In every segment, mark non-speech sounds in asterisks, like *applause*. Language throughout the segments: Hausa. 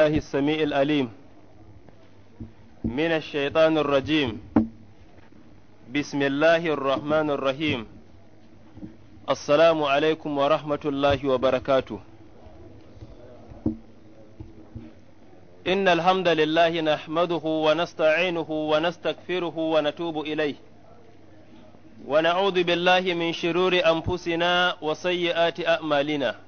الله السميع الأليم من الشيطان الرجيم بسم الله الرحمن الرحيم السلام عليكم ورحمة الله وبركاته إن الحمد لله نحمده ونستعينه ونستغفره ونتوب إليه ونعوذ بالله من شرور أنفسنا وسيئات أعمالنا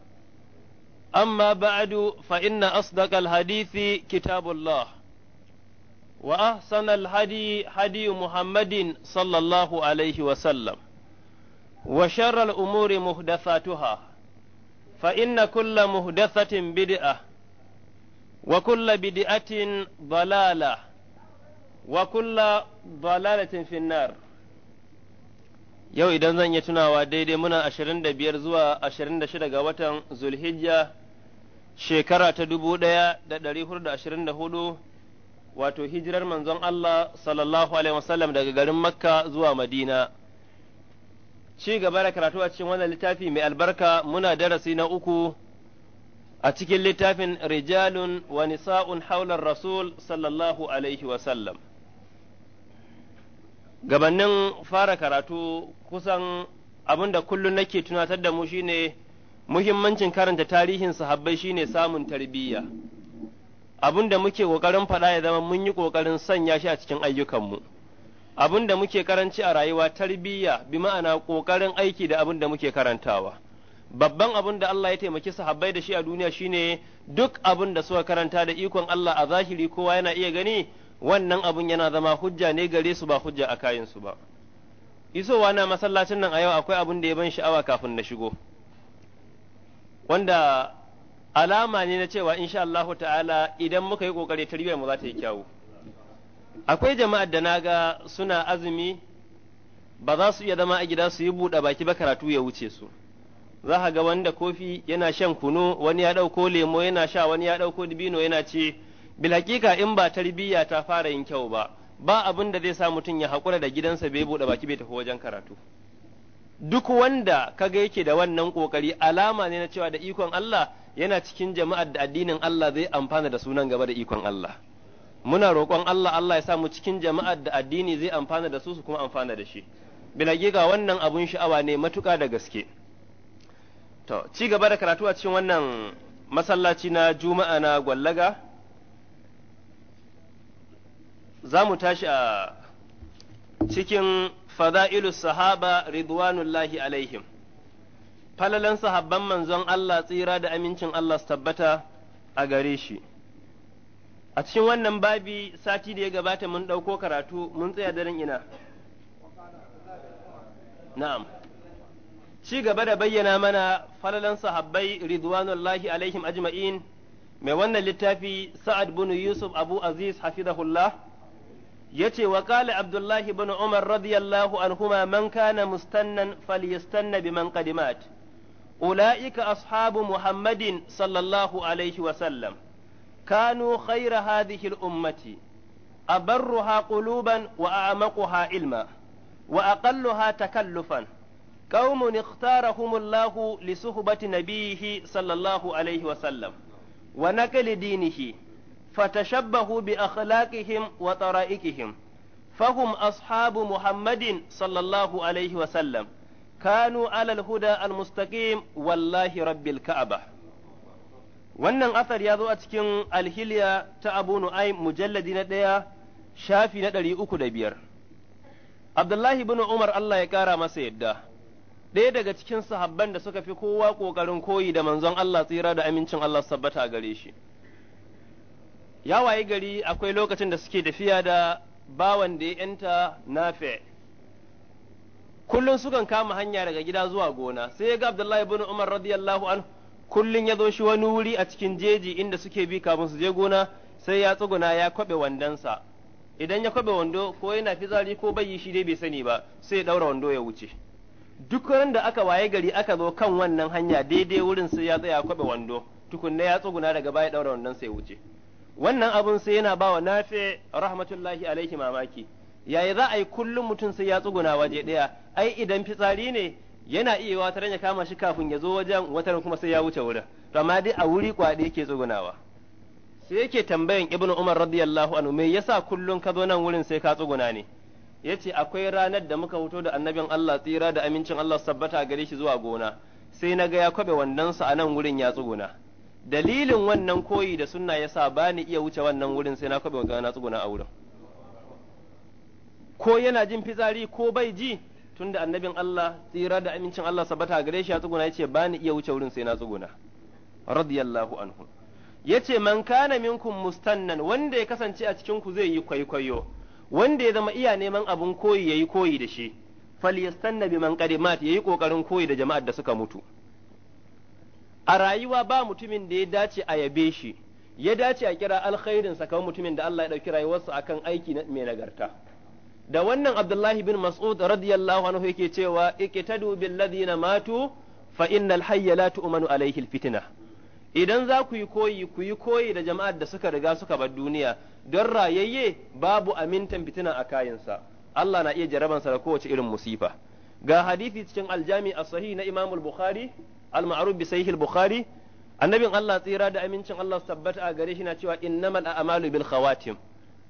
أما بعد فإن أصدق الحديث كتاب الله وأحسن الهدي هدي محمد صلى الله عليه وسلم وشر الأمور محدثاتها فإن كل محدثة بدعة وكل بدعة ضلالة وكل ضلالة في النار yau idan zan yi tunawa daidai muna 25 zuwa 26 ga watan zulhijja shekara ta dubu ɗaya da ɗari hudu da ashirin da hudu wato hijirar manzon Allah sallallahu alaihi wasallam daga garin Makka zuwa Madina. Ci gaba da karatu a cikin wannan littafi mai albarka muna darasi na uku a cikin littafin rijalun wa nisa'un haular rasul sallallahu alaihi wasallam. Gabannin fara karatu kusan abin da kullum nake tunatar da mu shine muhimmancin karanta tarihin sahabbai shine samun tarbiyya abin da muke ƙoƙarin faɗa ya zama mun yi kokarin sanya shi a cikin ayyukanmu abin da muke karanci a rayuwa tarbiyya bi ma'ana kokarin aiki da abin da muke karantawa babban abin da Allah ya taimaki sahabbai da shi a duniya shine duk abin da suka karanta da ikon Allah a zahiri kowa yana iya gani wannan abin yana zama hujja ne gare su ba hujja a kayansu ba isowa na masallacin nan a yau akwai abin da ya ban sha'awa kafin na shigo wanda alama ne na cewa insha Allah ta'ala idan muka yi kokari tarbiyyar mu za ta yi kyawu akwai jama'ar da naga suna azumi ba za su iya zama a gida su yi buɗe baki ba karatu ya wuce su za ka ga wanda kofi yana shan kunu wani ya ɗauko lemo yana sha wani ya ɗauko dibino yana ce bil hakika in ba tarbiyya ta fara yin kyau ba ba abin da zai sa mutum ya haƙura da gidansa bai buɗe baki bai tafi wajen karatu duk wanda kaga yake da wannan kokari alama ne na cewa da ikon Allah yana cikin jama'ar da addinin Allah zai amfana da sunan gaba da ikon Allah muna roƙon Allah Allah ya sa mu cikin jama'ar da addini zai amfana da su su kuma amfana da shi bilagega wannan abun sha'awa ne matuƙa da gaske to ci gaba da karatu a cikin wannan masallaci na juma'a na gwallaga za mu tashi a cikin fada'ilu sahaba ridwanullahi alaihim falalan sahabban manzon Allah tsira da amincin Allah su tabbata a gare shi a cikin wannan babi sati da ya gabata mun ɗauko karatu mun tsaya daren ina na'am ci gaba da bayyana mana falalan sahabbai ridwanullahi alaihim ajma'in mai wannan littafi sa'ad bin yusuf abu aziz hafizahullah yace wa qala abdullah ibn umar radiyallahu anhuma man kana mustannan falyastanna biman qadimat mat ulaika ashabu muhammadin sallallahu alaihi wa sallam kanu khayra hadhihi al ummati abarruha quluban wa a'maquha ilma wa aqalluha takallufan قوم اختارهم الله لصحبة نبيه صلى الله عليه وسلم ونقل دينه fatashabbahu bi akhlaqihim wa tara'ikihim fahum ashabu muhammadin sallallahu alaihi wa sallam kanu alal huda al wallahi rabbil ka'aba wannan asar ya zo a cikin alhiliya ta abu nu'aim mujalladi na ɗaya shafi na ɗari uku da biyar abdullahi bin umar allah ya ƙara masa yadda ɗaya daga cikin sahabban da suka fi kowa ƙoƙarin koyi da manzon allah tsira da amincin allah sabbata gare shi ya wayi gari akwai lokacin da suke tafiya da bawan da ya yanta na fe kullun sukan kama hanya daga gida zuwa gona sai ya ga Abdullahi ibn Umar radiyallahu anhu kullun ya zo shi wani wuri a cikin jeji inda suke bi kafin su je gona sai ya tsuguna ya kwabe wandonsa idan ya kwabe wando ko yana fitsari ko bai shi dai bai sani ba sai ya daura wando ya wuce duk ran da aka waye gari aka zo kan wannan hanya daidai wurin sai ya tsaya kwabe wando tukunna ya tsuguna daga baya daura wandon sai ya wuce wannan abun sai yana ba bawa nafe rahmatullahi alaihi mamaki yayi za a yi kullum mutum sai ya tsuguna waje ɗaya ai idan fitsari ne yana iya wata ya kama shi kafin ya zo wajen watan kuma sai ya wuce wurin to amma dai a wuri kwaɗe yake tsugunawa sai yake tambayan ibnu umar radiyallahu anhu me yasa kullum ka zo nan wurin sai ka tsuguna ne yace akwai ranar da muka fito da annabin Allah tsira da amincin Allah sabbata gare shi zuwa gona sai na ga ya kwabe sa a nan wurin ya tsuguna dalilin wannan koyi da sunna sa ba ni iya wuce wannan wurin sai na kwabe magana na tsuguna a wurin ko yana jin fitsari ko bai ji tunda annabin Allah tsira da amincin Allah sabata gare shi ya tsuguna yace ba ni iya wuce wurin sai na tsuguna radiyallahu anhu yace man kana minkum mustannan wanda ya kasance a cikin ku zai yi kwaikwayo wanda ya zama iya neman abun koyi yayi koyi da shi falyastanna biman qadimat yayi kokarin koyi da jama'ar da suka mutu a rayuwa ba mutumin da ya dace a yabe shi ya dace a kira alkhairin sa kawai mutumin da Allah ya dauki rayuwarsa akan aiki mai nagarta da wannan Abdullahi bin Mas'ud radiyallahu anhu yake cewa iqtadu bil ladina matu fa innal hayya la tu'manu alaihi fitina idan za ku yi koyi ku yi koyi da jama'ar da suka riga suka bar duniya don rayayye babu amintan fitina a kayansa Allah na iya jarabansa da kowace irin musifa ga hadisi cikin aljami as-sahih na Imam al-Bukhari al-ma'ruf bi sahih al-bukhari annabin Allah tsira da amincin Allah su tabbata a gare shi na cewa innamal a'malu bil khawatim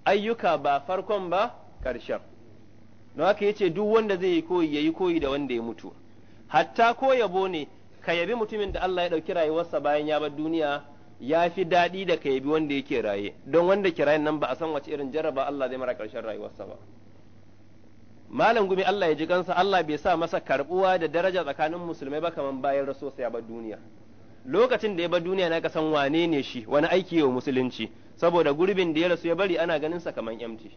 ayyuka ba farkon ba karshen Na haka yace duk wanda zai yi koyi yayi koyi da wanda ya mutu hatta ko yabo ne ka yabi mutumin da Allah ya dauki rayuwarsa bayan ya bar duniya ya fi daɗi da ka yabi wanda yake raye don wanda kirayen nan ba a san wace irin jarraba Allah zai mara karshen rayuwarsa ba malam gumi Allah ya ji kansa Allah bai sa masa karbuwa da daraja tsakanin musulmai ba kaman bayan rasu sai ba duniya lokacin da ya bar duniya na san wane ne shi wani aiki yau musulunci saboda gurbin da ya rasu ya bari ana ganin sa kaman yamti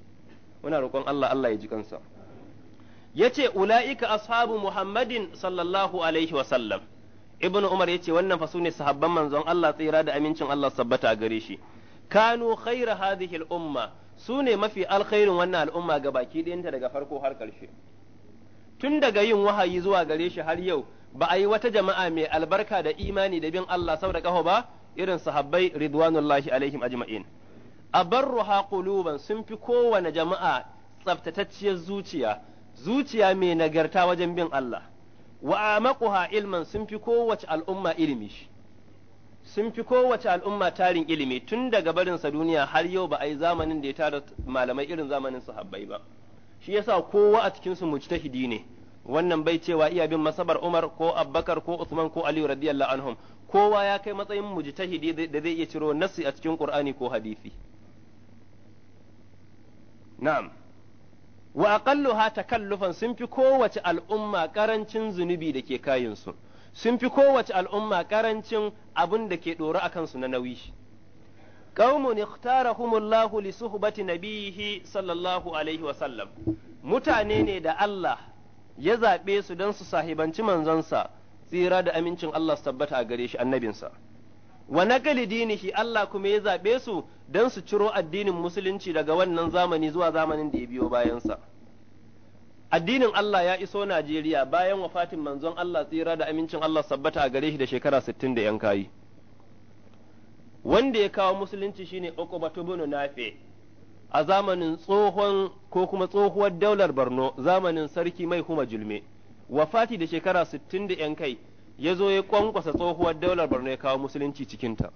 muna roƙon Allah Allah ya ji kansa yace ulaika ashabu muhammadin sallallahu alaihi wasallam ibnu umar yace wannan fa sune sahabban manzon Allah tsira da amincin Allah sabbata gare shi kanu khaira hadhihi al-umma su ne mafi alkhairin wannan al'umma ga baki ɗayanta daga farko har ƙarshe tun daga yin wahayi zuwa gare shi har yau ba a yi wata jama'a mai albarka da imani da bin Allah sau da ƙaho ba irin sahabbai ridwanullahi alaihim ajma'in abarruha kuluban sun fi kowane jama'a tsaftatacciyar zuciya zuciya mai nagarta wajen bin Allah wa amaquha ilman sun fi kowace al'umma ilimi shi. sun fi kowace al'umma tarin ilimi tun daga barin sa duniya har yau ba a yi zamanin da ya tara malamai irin zamanin sahabbai ba shi yasa kowa a cikin su mujtahidi ne wannan bai cewa iya bin masabar Umar ko Abubakar ko Usman ko Ali radiyallahu anhum kowa ya kai matsayin mujtahidi da zai iya ciro nasi a cikin Qur'ani ko hadisi na'am wa aqalluha takallufan sun fi kowace al'umma karancin zunubi da ke kayin su sun fi kowace al'umma ƙarancin abin da ke ɗora a kansu na nauyi ƙaumun ikhtarahumullahu li suhbati nabihi sallallahu alaihi wasallam mutane ne da Allah ya zaɓe su don su sahibanci manzansa tsira da amincin Allah su tabbata a gare shi annabinsa wa naqali dinihi Allah kuma ya zaɓe su don su ciro addinin musulunci daga wannan zamani zuwa zamanin da ya biyo bayansa addinin Allah ya iso Najeriya bayan wafatin manzon Allah tsira da amincin Allah sabbata a gare shi da shekara 60 da yan kayi wanda ya kawo musulunci shine Uqbatu ibn Nafi a zamanin tsohon ko kuma tsohuwar daular Borno zamanin sarki mai kuma julme wafati da shekara 60 da yan kai ya zo ya kwankwasa tsohuwar daular Borno ya kawo musulunci cikinta. ta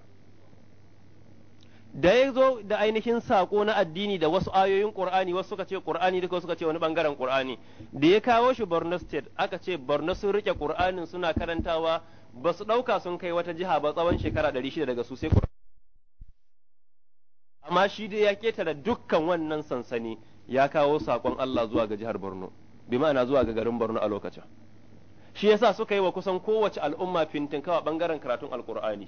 da ya zo da ainihin sako na addini da wasu ayoyin Qur'ani wasu suka ce Qur'ani duka suka ce wani bangaren Qur'ani da ya kawo shi Borno state aka ce Borno sun rike Qur'anin suna karantawa ba su dauka sun kai wata jiha ba tsawon shekara ɗari shida daga su sai amma shi dai ya ketare dukkan wannan sansani ya kawo sakon Allah zuwa ga jihar Borno bi ma'ana zuwa ga garin Borno a lokacin shi yasa suka yi wa kusan kowace al'umma fintinkawa bangaren karatun alkur'ani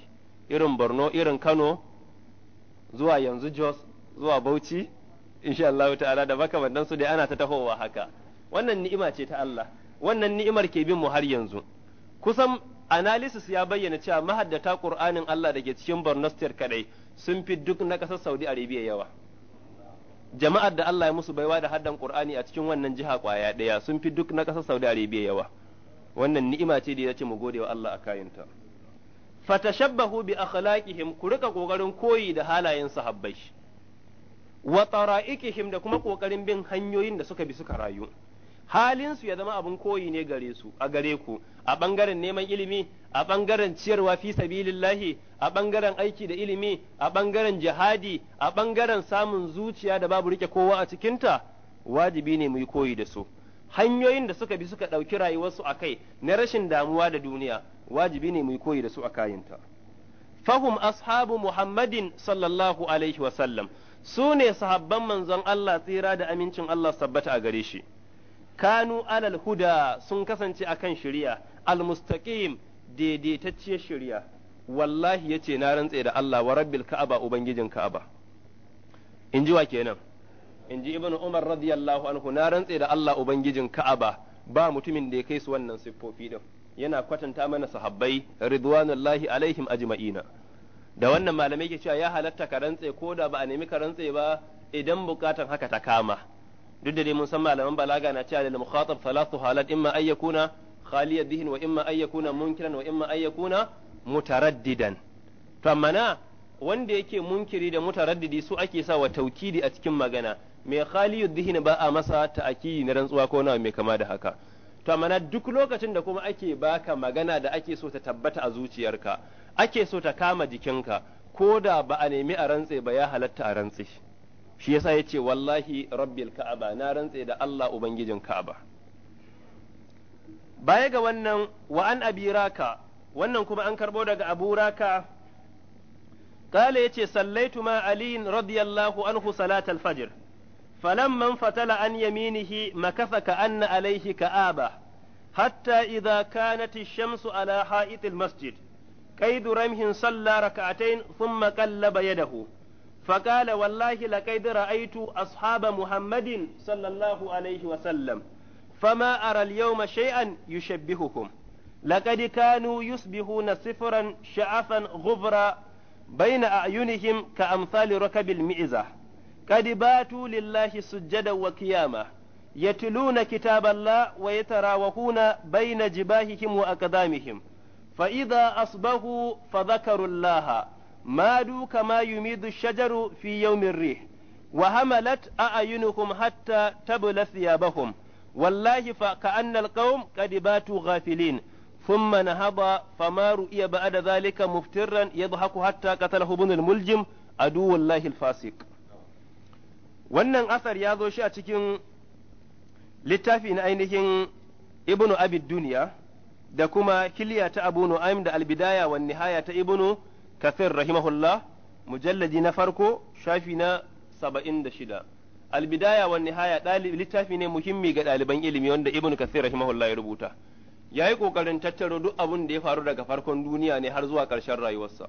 irin Borno irin Kano zuwa yanzu Jos zuwa Bauchi insha Allah ta'ala da wannan su dai ana ta tahowa haka wannan ni'ima ce ta Allah wannan ni'imar ke bin mu har yanzu kusan analysis ya bayyana cewa mahaddata Qur'anin Allah da ke cikin Borno kadai sun fi duk na kasar Saudi Arabia yawa jama'ar da Allah ya musu baiwa da haddan Qur'ani a cikin wannan jiha kwaya daya sun fi duk na kasar Saudi Arabia yawa wannan ni'ima ce da ya ce mu gode wa Allah a kayanta fatashabbahu bi akhlaqihim ku rika kokarin koyi da halayen sahabbai wa tara'ikihim da kuma kokarin bin hanyoyin da suka bi suka rayu halin su ya zama abin koyi ne gare su a gare ku a bangaren neman ilimi a bangaren ciyarwa fi sabilillahi a bangaren aiki da ilimi a bangaren jihadi a bangaren samun zuciya da babu rike kowa a cikinta wajibi ne mu yi koyi da su hanyoyin da suka bi suka ɗauki rayuwarsu a kai na rashin damuwa da duniya wajibi ne mu koyi da su a kayanta fahum ashabu muhammadin sallallahu alaihi wasallam su ne sahabban manzon Allah tsira da amincin Allah sabbata a gare shi kanu alal huda sun kasance akan shari'a almustaqim daidaitacciyar shari'a wallahi yace na rantse da Allah wa rabbil ka'aba ubangijin ka'aba in ji wa kenan in ji ibnu umar radiyallahu anhu na rantse da Allah ubangijin ka'aba ba mutumin da ya kai su wannan siffofi din yana kwatanta mana sahabbai ridwanullahi alaihim ajma'ina da wannan malamai ke cewa ya halatta ka rantse ko da ba a nemi ka rantse ba idan bukatan haka ta kama duk da dai mun san malaman balaga na cewa lil mukhatab thalathu halat imma ay yakuna khaliyan wa imma ay yakuna munkiran wa imma ay mutaraddidan to amma na wanda yake munkiri da mutaraddidi su ake sa wa taukidi a cikin magana mai khaliyud dihin ba a masa ta'akidi na rantsuwa ko na mai kama da haka to mana duk lokacin da kuma ake baka magana da ake so ta tabbata a zuciyarka ake so ta kama jikinka ko da ba a nemi a rantse ba ya halatta a rantse shi yasa ce wallahi rabbil ka'aba na rantse da Allah ubangijin ka'aba baya ga wannan wa an abiraka wannan kuma an karbo daga aburaka kale yace sallaitu ma aliyin radiyallahu anhu salatal fajr فلما انفتل عن يمينه مكث كأن عليه كآبة حتى إذا كانت الشمس على حائط المسجد كيد رمه صلى ركعتين ثم قلب يده فقال والله لقد رأيت أصحاب محمد صلى الله عليه وسلم فما أرى اليوم شيئا يشبههم لقد كانوا يصبحون صفرا شعفا غبرا بين أعينهم كأمثال ركب المئزة قد باتوا لله سجدا وقياما يتلون كتاب الله ويتراوحون بين جباههم وأقدامهم فإذا أصبحوا فذكروا الله مادوا كما يميد الشجر في يوم الريح وهملت أعينهم حتى تبل ثيابهم والله فكأن القوم قد باتوا غافلين ثم نهض فما رؤي بعد ذلك مفترا يضحك حتى قتله ابن الملجم عدو الله الفاسق wannan asar ya zo shi a cikin littafi na ainihin ibnu abid duniya da kuma kiliya ta abu nu'aim da albidaya wa nihaya ta ibnu kafir rahimahullah mujalladi na farko shafi na saba'in da shida albidaya wa nihaya littafi ne muhimmi ga ɗaliban ilimi wanda ibnu kafir rahimahullah ya rubuta ya yi ƙoƙarin tattaro duk abin da ya faru daga farkon duniya ne har zuwa ƙarshen rayuwarsa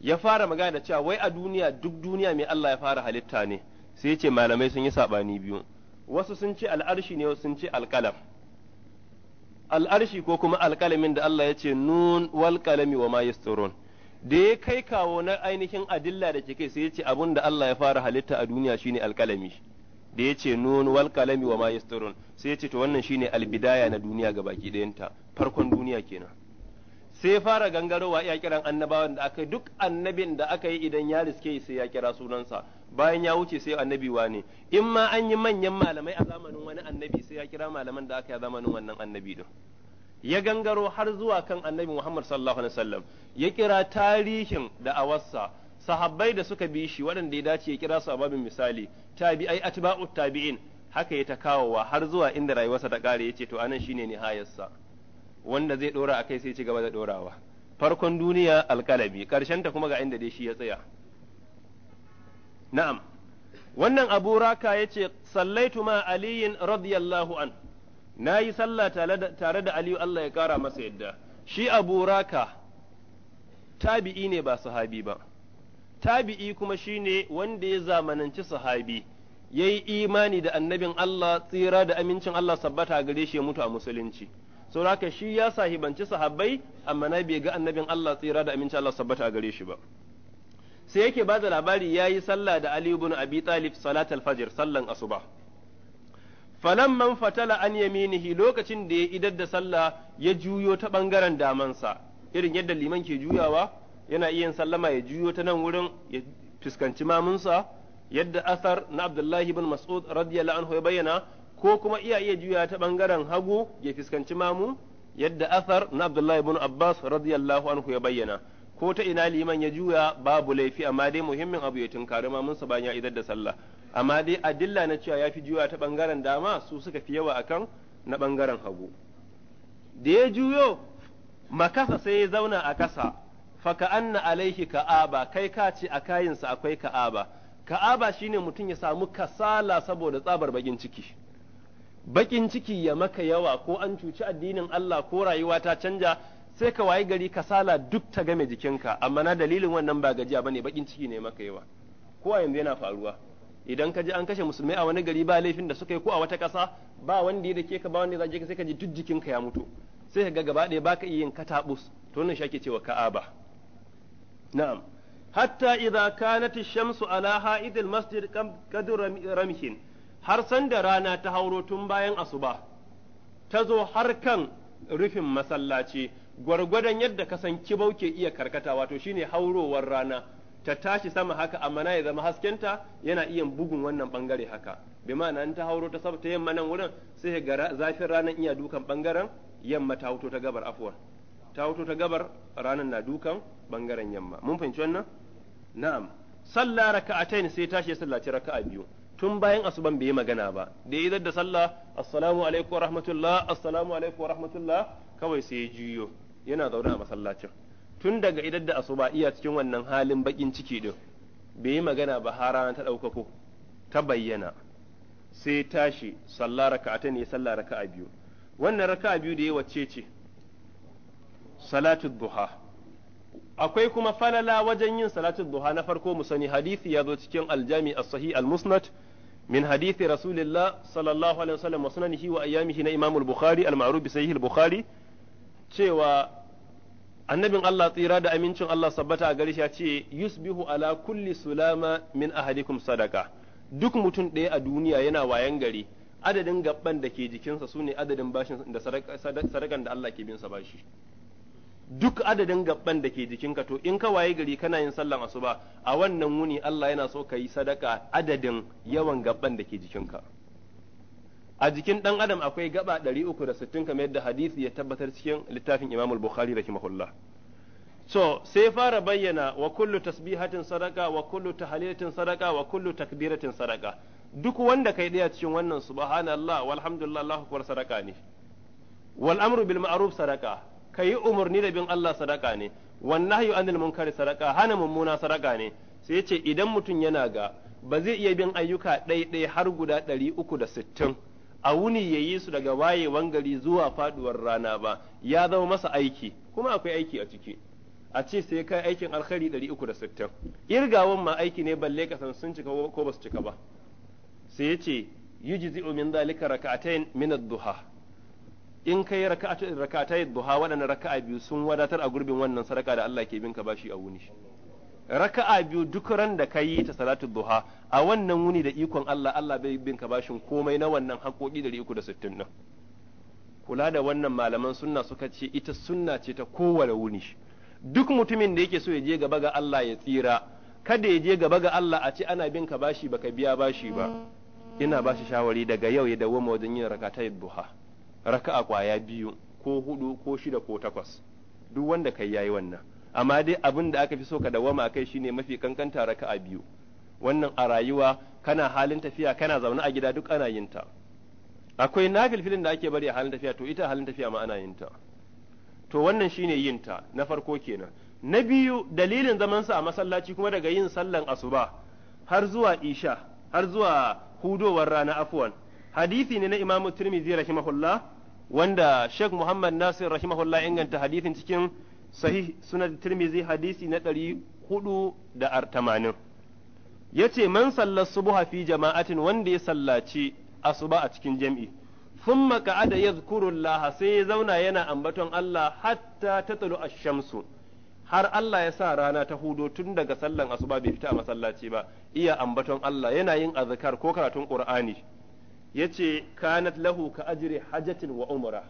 ya fara magana da cewa wai a duniya duk duniya mai Allah ya fara halitta ne sai ce malamai sun yi saɓani biyu wasu sun ce al'arshi ne wasu sun ce alƙalam al'arshi ko kuma alƙalamin da Allah ya ce nun wal wa ma da ya kai kawo na ainihin adilla da ke sai ce abun da Allah ya fara halitta a duniya shine alƙalami da ya ce nun wal wa ma sai ce to wannan shine albidaya na duniya ga baki ɗayanta farkon duniya kenan sai fara gangarowa ya kiran annabawan da aka duk annabin da aka yi idan ya riske sai ya kira sunansa bayan ya wuce sai annabi ne in ma an yi manyan malamai a zamanin wani annabi sai ya kira malaman da aka yi a zamanin wannan annabi din ya gangaro har zuwa kan annabi Muhammad sallallahu alaihi wasallam ya kira tarihin da awassa sahabbai da suka bi shi waɗanda ya dace ya kira su a babin misali tabi'ai atba'ut tabi'in haka ya ta kawowa har zuwa inda rayuwarsa ta kare yace to anan shine nihayarsa wanda zai dora kai sai ci gaba da dorawa farkon duniya alkalabi karshen ta kuma ga inda dai shi ya tsaya na'am wannan abu raka ce sallaitu ma aliyin radiyallahu an nayi sallah tare da aliyu Allah ya kara masa yadda shi abu raka tabi'i ne ba sahabi ba tabi'i kuma shine wanda ya zamananci sahabi yayi imani da annabin Allah tsira da amincin Allah sabbata gare shi ya mutu a musulunci saboda shi ya sahibanci sahabbai amma na bai ga annabin Allah tsira da amincin Allah sabbata a gare shi ba sai yake ba da labari ya yi sallah da Ali ibn Abi Talib salat al-fajr sallan asuba man fatala an yaminihi lokacin da ya idar da sallah ya juyo ta bangaren damansa irin yadda liman ke juyawa yana iya sallama ya juyo ta nan wurin ya fuskanci mamunsa yadda asar na Abdullahi ibn Mas'ud radiyallahu anhu ya bayyana ko kuma iya iya juya ta bangaren hagu ya fuskanci mamu yadda athar na Abdullahi ibn Abbas radiyallahu anhu ya bayyana ko ta ina liman ya juya babu laifi amma dai muhimmin abu ya tunkari sa bayan ya idar da sallah amma dai adilla na cewa ya fi juya ta bangaren dama su suka fi yawa akan na bangaren hagu da ya juyo makasa sai ya zauna a kasa faka anna alaihi ka'aba kai ka ce a kayinsa akwai ka'aba ka'aba shine mutum ya samu kasala saboda tsabar bakin ciki bakin ciki ya maka yawa ko an cuci addinin Allah ko rayuwa ta canja sai ka wayi gari kasala duk ta game jikinka amma na dalilin wannan ba gajiya bane bakin ciki ne maka yawa ko a yanzu yana faruwa idan ka ji an kashe musulmai a wani gari ba laifin da suka yi ko a wata ƙasa ba wanda ya dake ka ba wanda ya ka sai ka ji duk jikinka ya mutu sai ka ga gaba ɗaya baka iya yin katabus to wannan shake ake cewa ka'aba na'am hatta idza kanat ash-shamsu ala ha'idil masjid qadra ramhin har sanda rana ta hauro tun bayan asuba ta zo har kan rufin masallaci gwargwadon yadda ka san kibau ke iya karkata wato shine haurowar rana ta tashi sama haka amma na ya zama haskenta yana iya bugun wannan bangare haka bi ma'ana ta hauro ta ta yamma nan wurin sai ga zafin ranar iya dukan bangaren yamma ta hauto ta gabar afuwa ta hauto ta gabar ranar na dukan bangaren yamma mun fahimci wannan na'am sallah raka'atain sai tashi ya sallaci raka'a biyu tun bayan asuban bai yi magana ba da ya da sallah assalamu alaikum wa rahmatullah assalamu alaikum wa rahmatullah kawai sai ya juyo yana zaune a masallacin tun daga idar da asuba iya cikin wannan halin bakin ciki din bai yi magana ba har rana ta ɗaukako ta bayyana sai tashi sallah ta ne sallah raka'a biyu wannan raka'a biyu da ya wacce ce salatu duha akwai kuma falala wajen yin salatu duha na farko mu sani hadisi ya zo cikin aljami as-sahih al-musnad al musnad من حديث رسول الله صلى الله عليه وسلم وسننه وأيامه إمام البخاري المعروف بسيه البخاري cewa annabin Allah tsira da amincin Allah sabbata a gare shi ya ce yusbihu ala kulli sulama min ahadikum sadaka duk mutum ɗaya a duniya yana wayan gari adadin gaban da ke jikinsa sune adadin bashin da sadakan da Allah ke bin sa bashi duk adadin gabban da ke jikinka to in ka waye gari kana yin sallan asuba a wannan wuni Allah yana so ka yi sadaka adadin yawan gaban da ke jikinka a jikin dan adam akwai gaba 360 kamar yadda hadisi ya tabbatar cikin littafin Imam al-Bukhari rahimahullah so sai fara bayyana wa kullu tasbihatin sadaka wa kullu tahlilatin sadaka wa kullu takbiratin sadaka duk wanda kai daya cikin wannan subhanallah walhamdulillah Allahu akbar sadaka ne wal amru bil ma'ruf sadaka Ka yi umarni da bin Allah sadaka ne wallahi anil munkari sadaka hana mummuna sadaka ne sai ce idan mutum yana ga ba zai iya bin ayyuka ɗaiɗai har guda ɗari uku da sittin a wuni ya yi su daga wayewan gari zuwa faduwar rana ba ya zama masa aiki kuma akwai aiki a ciki a ce sai kai aikin alkhari sittin irgawan ma aiki ne balle ka san sun cika ko ba su cika ba sai yace yi min zalika rak'atayn min ad-duha in kai rakatai duha waɗannan raka'a biyu sun wadatar a gurbin wannan sadaka da Allah ke binka bashi a wuni raka'a biyu duk ran da ka ta salatu duha a wannan wuni da ikon Allah Allah bai binka bashin komai na wannan haƙoƙi 360 din kula da wannan malaman sunna suka ce ita sunna ce ta kowane wuni duk mutumin da yake so ya je gaba ga Allah ya tsira kada ya je gaba ga Allah a ce ana bin ka bashi baka biya bashi ba ina bashi shawari daga yau ya dawo wajen yin rakaa duha raka'a kwaya biyu ko hudu ko shida ko takwas duk wanda kai yayi wannan amma dai abin da aka fi so ka dawama kai shine mafi kankanta raka'a biyu wannan a rayuwa kana halin tafiya kana zaune a gida duk ana yin ta akwai nafilfilin da ake bari a halin tafiya to ita halin tafiya ma ana yin ta to wannan shine yin ta na farko kenan na biyu dalilin zaman sa a masallaci kuma daga yin sallan asuba har zuwa isha har zuwa hudowar rana afwan hadisi ne na imamu tirmidhi rahimahullah wanda Sheikh Muhammad Nasir rahimahullah inganta hadisin cikin sahih sunan Tirmidhi hadisi na ɗari hudu da tamanin. Ya ce man sallar subuha fi jama'atin wanda ya sallaci asuba a cikin jam'i. Thumma ka'ada yadhkurullah sai ya zauna yana ambaton Allah hatta tatlu a shamsu har Allah ya sa rana ta hudo tun daga sallan asuba bai fita a masallaci ba iya ambaton Allah yana yin azkar ko karatun Qur'ani yace kanat lahu ka ajri hajatin wa umra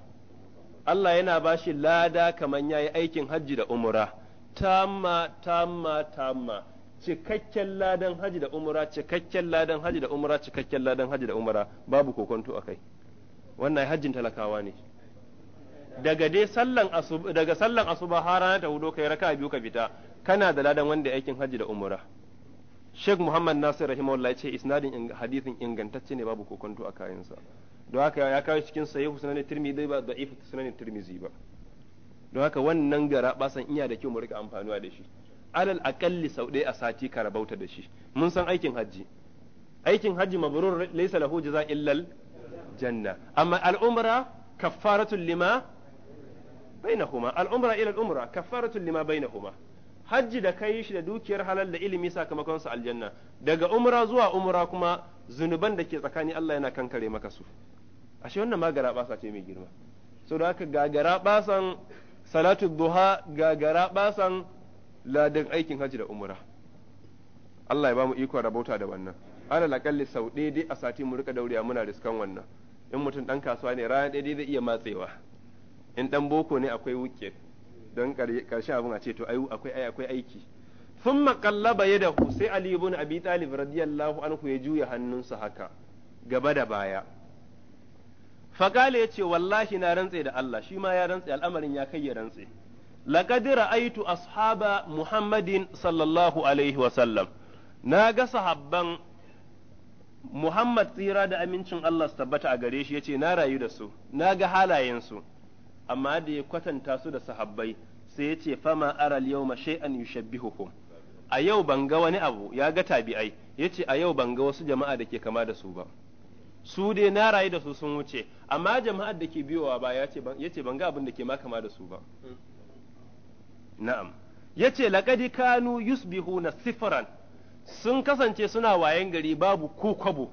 Allah yana bashi lada kaman yayi aikin hajji da umra tamma tamma tamma cikakken ladan haji da umra cikakken ladan haji da umra cikakken ladan haji da umra babu kokonto akai wannan hajjin talakawa ne daga dai sallan daga sallan asuba har ta hudo kai raka biyu ka fita kana da ladan wanda aikin haji da umra Sheikh Muhammad Nasir rahimahullah ya ce isnadin hadithin ingantacce ne babu kokonto a kayansa don haka ya kawo cikin sahih sunan Tirmidhi ba da if sunan Tirmidhi ba don haka wannan gara ba san iya da kyau mu rika amfanuwa da shi alal aqalli sau ɗaya a sati karabauta da shi mun san aikin hajji aikin hajji mabrur laysa lahu jaza illal janna amma al'umra kaffaratul lima bainahuma al'umra ila al'umra kaffaratul lima bainahuma hajji da kai shi da dukiyar halal da ilimi sakamakon su aljanna daga umra zuwa umra kuma zunuban da ke tsakani Allah yana kankare maka su ashe wannan ma gara ce mai girma sau da haka gagara basan salatu duha gagara basan ladan aikin hajji da umra Allah ya bamu ikon rabauta da wannan alal akalli sau ɗaya dai a sati mu rika daurewa muna riskan wannan in mutum dan kasuwa ne rana ɗaya dai zai iya matsewa in dan boko ne akwai wicket don karshen abin a ce to ayu akwai ai akwai aiki thumma qallaba yadahu sai ali ibn abi talib radiyallahu anhu ya juya hannunsa haka gaba da baya ya yace wallahi na rantse da Allah shi ma ya rantse al'amarin ya kai ya rantse laqad ra'aytu ashaba muhammadin sallallahu alaihi wa sallam na ga sahabban Muhammad tsira da amincin Allah su tabbata a gare shi yace na rayu da su na ga halayen su amma da ya kwatanta su da sahabbai sai ya ce fama aral yawma shay'an yushabbihuhum a yau ban ga wani abu ya ga tabi'ai ya ce a yau ban ga wasu jama'a da ke kama da su ba su dai na rayu da su sun wuce amma jama'ar da ke biyowa ba ya ce ban ga abin da ke ma kama da su ba na'am ya ce laƙadi kanu na sifiran sun kasance suna wayan gari babu ko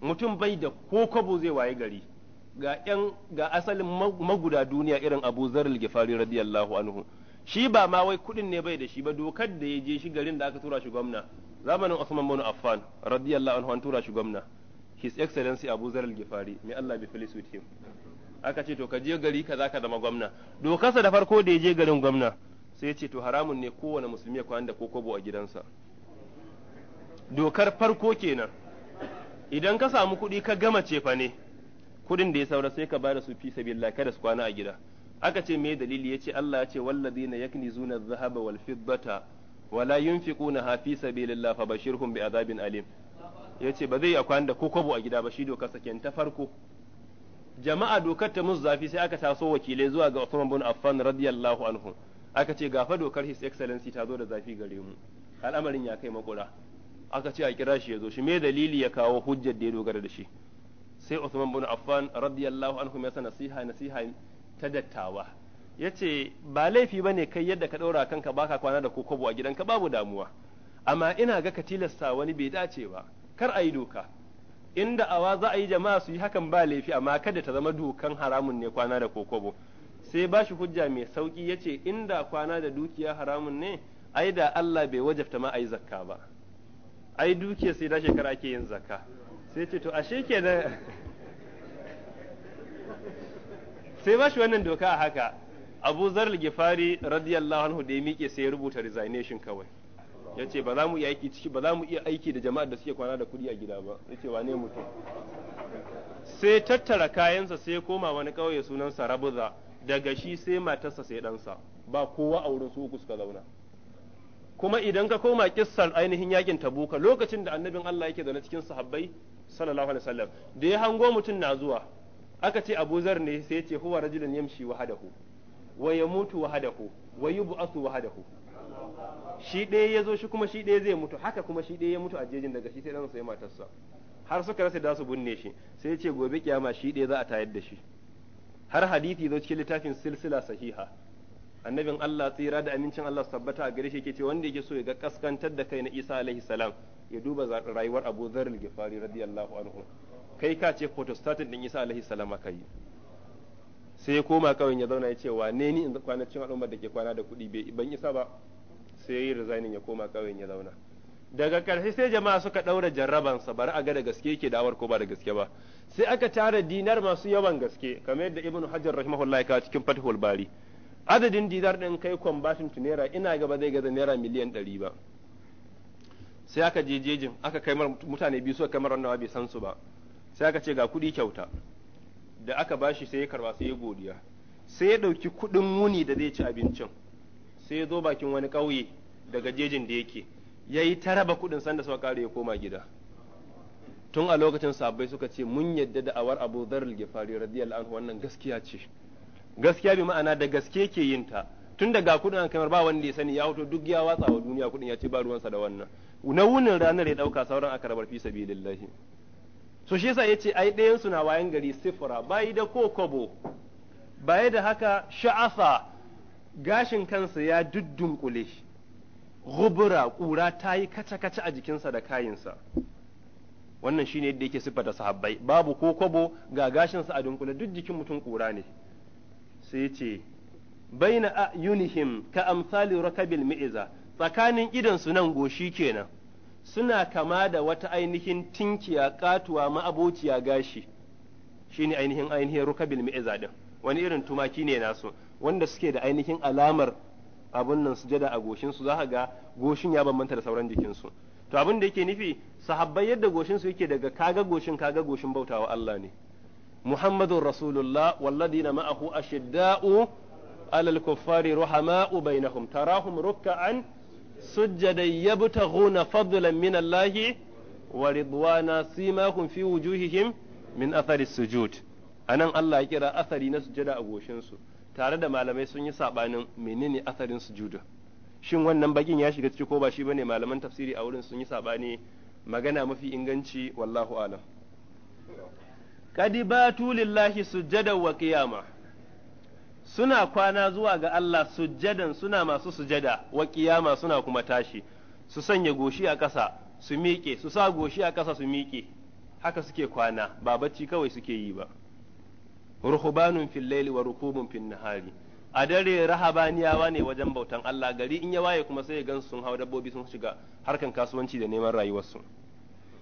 mutum bai da ko zai waye gari ga yan ga asalin maguda duniya irin Abu Zarul Gifari radiyallahu anhu shi ba ma wai kudin ne bai da shi ba dokar da ya je shi garin da aka tura shi gwamna zamanin Usman bin Affan radiyallahu anhu an tura shi gwamna his excellency Abu Zarul Gifari may Allah be pleased with him aka ce to ka je gari kaza ka zama gwamna dokarsa da farko da ya je garin gwamna sai ya ce to haramun ne kowane musulmi ya kwana da kobo a gidansa dokar farko kenan idan ka samu kuɗi ka gama cefa ne kudin da ya saura sai ka ba da su fi sabilillah kada su kwana a gida aka ce me dalili yace Allah ya ce walladina yaknizuna adh-dhahaba wal fiddata wala yunfiquna fi sabilillah fabashirhum bi adabin alim yace ba zai akwai da kokobo a gida ba shi doka saken ta farko jama'a dokar ta musu zafi sai aka taso wakilai zuwa ga Uthman bin Affan radiyallahu anhu aka ce gafa dokar his excellency ta zo da zafi gare mu al'amarin ya kai makura aka ce a kira shi ya zo shi me dalili ya kawo hujjar da ya dogara da shi sai Uthman bin Affan radiyallahu anhu ya sa nasiha nasiha ta dattawa yace ba laifi bane kai yadda ka daura kanka baka kwana da kokobo a gidanka babu damuwa amma ina ga ka tilasta wani bai dace ba kar a yi doka inda awa za a yi jama'a su yi hakan ba laifi amma kada ta zama dukan haramun ne kwana da kokobo sai ba shi hujja mai sauki yace inda kwana da dukiya haramun ne ai da Allah bai wajabta ma ai zakka ba ai dukiya sai da shekara ake yin zakka sai ce to ashe kenan sai ba shi wannan doka a haka abu zar gifari radiyallahu anhu da ya miƙe sai ya rubuta resignation kawai ya ce ba za mu iya aiki ciki ba za mu iya aiki da jama'ar da suke kwana da kuɗi a gida ba ya ce wane mutum sai tattara kayansa sai ya koma wani ƙauye sunansa rabuza daga shi sai matarsa sai ɗansa ba kowa a wurin su uku suka zauna kuma idan ka koma kissar ainihin yakin tabuka lokacin da annabin Allah yake zaune cikin sahabbai sallallahu alaihi wasallam da ya hango mutum na zuwa aka ce Abu Zar ne sai ya ce huwa rajulun yamshi hadahu wa ya mutu wa hadahu wa wa hadahu shi ɗaya ya zo shi kuma shi ɗaya zai mutu haka kuma shi ɗaya ya mutu a jejin daga shi sai ɗan sai matarsa har suka rasa da su binne shi sai ce gobe kiyama shi ɗaya za a tayar da shi har hadisi zo cikin littafin silsila sahiha annabin Allah tsira da amincin Allah tabbata a gare shi yake ce wanda yake so ya ga kaskantar da kai na Isa alaihi salam ya duba rayuwar Abu Dharr al-Ghifari radiyallahu anhu kai ka ce photostatin din Isa alaihi salama ka yi sai ya koma kawai ya zauna ya ce ne ni in kwana cikin al'ummar da ke kwana da kuɗi bai ban isa ba sai ya yi resigning ya koma kawai ya zauna daga karshe sai jama'a suka ɗaura jarrabansa bari a ga da gaske yake dawar ko ba da gaske ba sai aka tara dinar masu yawan gaske kamar yadda ibnu hajar rahimahullahi ka cikin fathul bari adadin dinar din kai to tunera ina gaba zai gaza naira miliyan ɗari ba sai aka je jejin aka kai mutane biyu suka kai mara bai san su ba sai aka ce ga kuɗi kyauta da aka bashi sai ya karba sai ya godiya sai ya ɗauki kuɗin muni da zai ci abincin sai ya zo bakin wani ƙauye daga jejin da yake ya yi ta raba kuɗin sanda suka kare ya koma gida tun a lokacin sabbai suka ce mun yadda da awar abu zarul gifari radiyallahu anhu wannan gaskiya ce gaskiya bi ma'ana da gaske ke yin ta tun daga kuɗin an kamar ba wanda ya sani ya hoto duk ya watsa wa duniya kuɗin ya ce ba ruwansa da wannan na wunin ranar ya ɗauka sauran aka rabar fi lillahi so shi yasa yace ai ɗayan su na wayan gari sifra bai da ko kobo bai da haka sha'afa gashin kansa ya duddunkule gubura ƙura ta yi kaca-kaca a jikinsa da kayinsa wannan shine yadda yake siffata sahabbai babu ko kobo ga gashinsa a dunkule duk jikin mutum ƙura ne sai ce baina a yunihim ka amsali rakabil mi'iza tsakanin su nan goshi kenan suna kama da wata ainihin tinkiya katuwa ma'abociya gashi shine ainihin ainihin rukabil mi'iza din wani irin tumaki ne nasu wanda suke da ainihin alamar abun nan sujada a goshin su zaka ga goshin ya bambanta da sauran jikin su to abin da yake nufi sahabbai yadda goshin su yake daga kaga goshin kaga goshin bautawa Allah ne Muhammadun Rasulullah walladina ma'ahu ashidda'u alal kuffari ruhama'u bainahum tarahum rukka'an sujjada yabtaghuna fadlan min Allah wa ridwana simahum fi wujuhihim min athari sujud anan Allah ya kira athari na sujjada a goshin su tare da malamai sun yi sabanin menene atharin sujud shin wannan bakin ya shiga ciki ko ba shi bane malaman tafsiri a wurin sun yi sabani magana mafi inganci wallahu alam kadibatu lillahi sujjada wa qiyamah suna kwana zuwa ga Allah sujjadan suna masu sujada wa kiyama suna kuma tashi su sanya goshi a ƙasa su miƙe su sa goshi a ƙasa su miƙe haka suke kwana ba bacci kawai suke yi ba ruhubanun fil laili wa rukubun fil nahari a dare rahabaniyawa ne wajen bautan Allah gari in ya waye kuma sai ya gansu sun hau dabbobi sun shiga harkan kasuwanci da neman rayuwarsu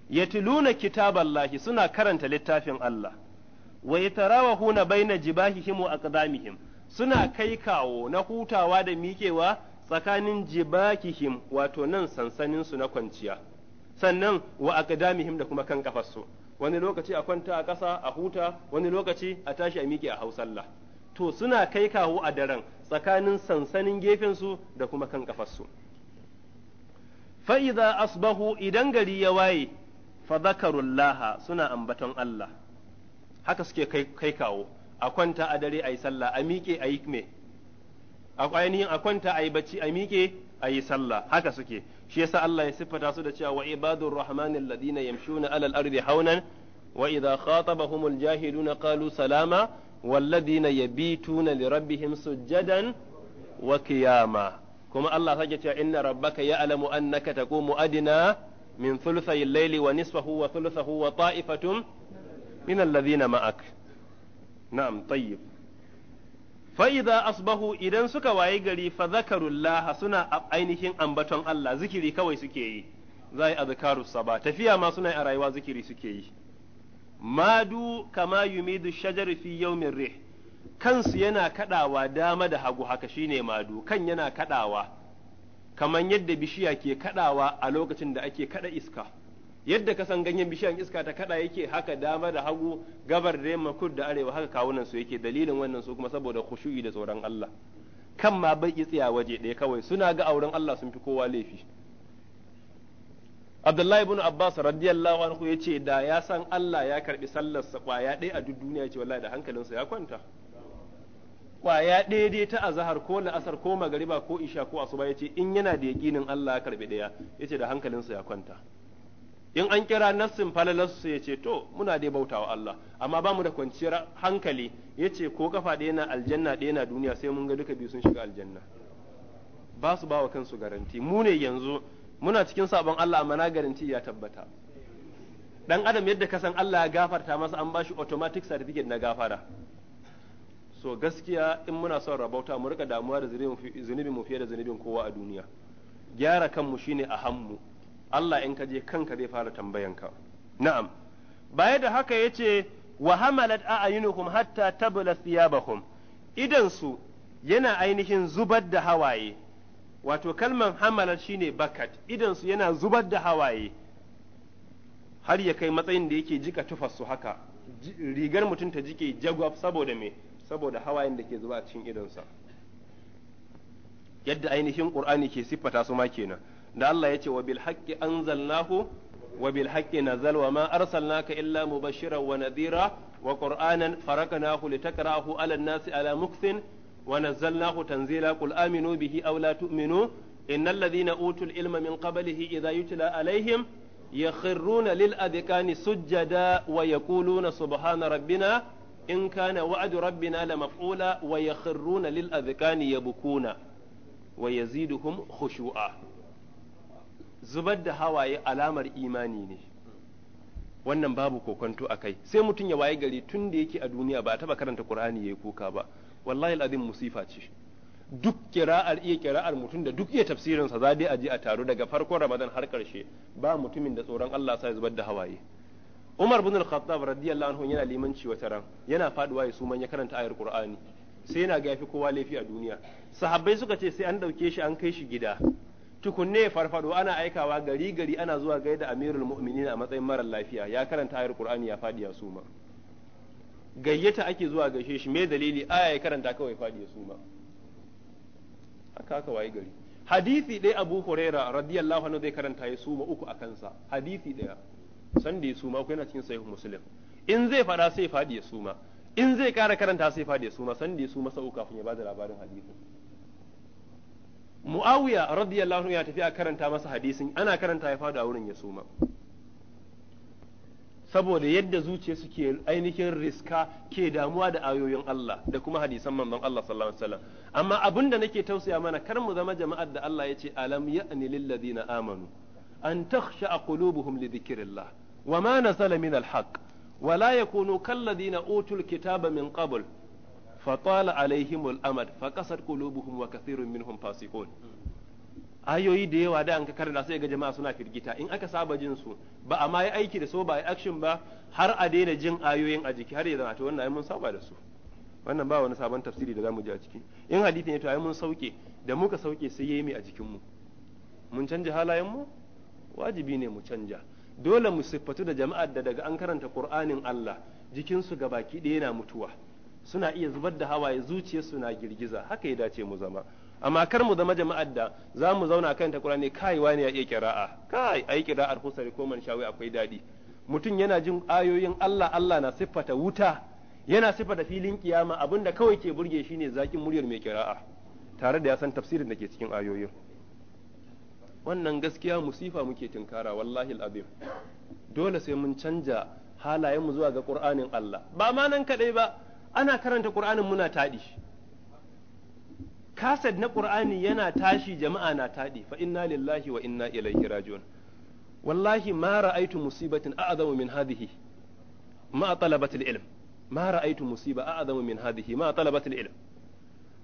yatiluna kitaballahi suna karanta littafin Allah wa yatarawahuna baina jibahihim wa aqdamihim suna kai kawo na hutawa da miƙewa tsakanin jibakihim wato nan sansaninsu na kwanciya sannan wa aqdamihim da kuma kan kafarsu wani lokaci a kwanta a ƙasa a huta wani lokaci a tashi a miƙe a hausalla to suna kai kawo a daren tsakanin sansanin gefen su da kuma kan kafarsu fa'iza asbahu idan gari ya waye fa zakarullaha suna ambaton Allah haka suke kai kawo a kwanta a dare ayi sallah a miƙe ayi me a ainihin a kwanta ayi bacci a miƙe ayi sallah haka suke shi yasa Allah ya siffata su da cewa wa ibadur rahmanil ladina yamshuna alal ardi haunan wa idza khatabahumul jahiluna qalu salama والذين يبيتون لربهم سجدا وقياما كما الله سجد إن ربك يعلم أنك تقوم أدنى من ثلثي wa ونصفه وثلثه وطائفة من الذين معك na'am tayyib fa idza asbahu idan suka wayi gari fa zakarullah suna ainihin ambaton Allah zikiri kawai suke yi zai azkaru saba tafiya ma suna a rayuwa zikiri suke yi madu kama yumidu shajar fi yawmin rih kansu yana kadawa dama da hagu haka shine madu kan yana kadawa kaman yadda bishiya ke kadawa a lokacin da ake kada iska yadda ka san ganyen bishiyan iska ta kada yake haka dama da hagu gabar da yamma kud da arewa haka kawunan su yake dalilin wannan su kuma saboda khushu'i da tsoron Allah kan ma bai tsaya waje ɗaya kawai suna ga auren Allah sun fi kowa laifi Abdullahi ibn Abbas radiyallahu anhu yace da ya san Allah ya karbi sallar sa kwaya ɗaya a duk duniya yace wallahi da hankalin sa ya kwanta kwaya ɗaya dai ta azahar ko la'asar ko magariba ko isha ko asuba yace in yana da yaƙinin Allah ya karbi ɗaya yace da hankalin sa ya kwanta in an kira nassin falalarsu ya ce to muna dai bautawa Allah amma ba mu da kwanciyar hankali ya ce ko kafa ɗaya na aljanna ɗaya na duniya sai mun ga duka biyu sun shiga aljanna ba su bawa kansu garanti mu ne yanzu muna cikin sabon Allah amma na garanti ya tabbata dan adam yadda ka san Allah ya gafarta masa an ba shi automatic certificate na gafara so gaskiya in muna son rabauta mu rika damuwa da zunubin mu fiye da zunubin kowa a duniya gyara kanmu shine a hammu Allah in ka je kanka zai fara tambayan ka na'am baya da haka yace wa hamalat a'yunuhum hatta tabla thiyabahum idan su yana ainihin zubar da hawaye wato kalman hamalat shine bakat idan su yana zubar da hawaye har ya kai matsayin da yake jika tufar su haka rigar mutum ta jike jagwab saboda me saboda hawayen da ke zuba a cikin idonsa yadda ainihin qur'ani ke siffata su ma kenan da Allah ya ce wa bil haqqi anzalnahu wa bil haqqi nazal wa ma arsalnaka illa mubashiran wa nadhira wa qur'anan faraknahu litaqra'ahu 'ala an-nasi 'ala mukthin wa nazzalnahu tanzila qul aminu bihi aw la tu'minu innal ladhina utul ilma min qablihi idha yutla 'alayhim yakhruna lil adkani sujjada wa yaquluna subhana rabbina in kana wa'du rabbina la maf'ula wa yakhruna lil adkani yabkuna wa yaziduhum khushu'a zubar da hawaye alamar imani ne wannan babu kokonto a kai sai mutum ya waye gari tun da yake a duniya ba taba karanta qur'ani yayi kuka ba wallahi al'adin musifa ce duk kira'ar iya kira'ar mutum da duk iya tafsirin sa za dai aje a taro daga farkon ramadan har karshe ba mutumin da tsoron Allah sai zubar da hawaye Umar bin Al-Khattab radiyallahu anhu yana limanci wata ran yana faduwa ya suman ya karanta ayar Kur'ani. sai yana gafi kowa laifi a duniya sahabbai suka ce sai an dauke shi an kai shi gida tukunne farfado ana aikawa gari gari ana zuwa gaida amirul mu'minin a matsayin mara lafiya ya karanta ayar qur'ani ya fadi ya suma gayyata ake zuwa gaishe shi me dalili aya ya karanta kawai fadi ya suma haka haka waye gari hadisi ɗaya abu huraira radiyallahu anhu zai karanta ya suma uku a kansa hadisi ɗaya san da ya suma ko yana cikin sahih muslim in zai fada sai fadi ya suma in zai kara karanta sai fadi ya suma san da ya suma sau kafin ya bada labarin hadisin Muawiya radiyallahu anhu ya tafi a karanta masa hadisin ana karanta ya fada wurin ya suma saboda yadda zuciya suke ainihin riska ke damuwa da ayoyin Allah da kuma hadisan manzon Allah sallallahu alaihi wasallam amma abinda nake tausaya mana kar mu zama jama'ar da Allah ya ce alam ya'ni lil ladina amanu an takhsha qulubuhum li dhikrillah mana nazala min al haqq yakunu kal ladina utul kitaba min qabl فطال عليهم alaihimul amad قلوبهم وكثير منهم فاسقون ayoyi da yawa da an ka karanta sai ga jama'a suna firgita in aka saba jin su ba a ma yi aiki da so ba yi action ba har a daina jin ayoyin a jiki har ya zama to wannan ai mun saba da su wannan ba wani sabon tafsiri da zamu ji a ciki in hadisi ne to ai mun sauke da muka sauke sai yayi mi a jikin mu mun canja halayen mu wajibi ne mu canja dole mu siffatu da jama'a da daga an karanta qur'anin Allah jikinsu gabaki ɗaya na mutuwa suna iya zubar da hawaye zuciya suna girgiza haka ya dace mu zama amma kar mu zama jama'ar da za mu zauna kan ta ne kai wani ya iya kira'a kai ai kira'ar Husari ko man shawi akwai daɗi. mutum yana jin ayoyin Allah Allah na siffata wuta yana siffata filin kiyama da kawai ke burge shi ne zakin muryar mai kira'a tare da ya san tafsirin da ke cikin ayoyin wannan gaskiya musifa muke tinkara wallahi al'abim dole sai mun canja halayenmu zuwa ga ƙur'anin Allah ba ma nan kaɗai ba ana karanta Qur'anin muna taɗi kaset na Qur'ani yana tashi jama'a na taɗi fa inna lillahi wa inna ilaihi raji'un wallahi ma ra'aitu musibatin a'zamu min hadhihi ma talabatil ilm ma ra'aitu musiba a'zamu min hadhihi ma talabatil ilm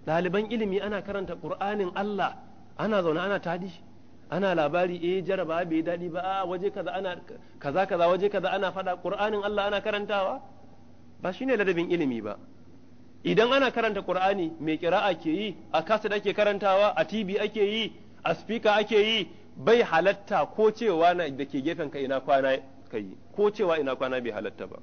Daliban ilimi ana karanta Qur'anin Allah ana zaune ana taɗi ana labari eh jaraba bai daɗi ba a ah, waje kaza ana kaza kaza waje kaza ana faɗa Qur'anin Allah ana karantawa ba shi ne ladabin ilimi ba idan ana karanta qur'ani mai kira'a ke yi a kasa ake karantawa a tv ake yi a speaker ake yi bai halatta ko cewa na da ke gefen ka ina kwana kai ko cewa ina kwana bai halatta ba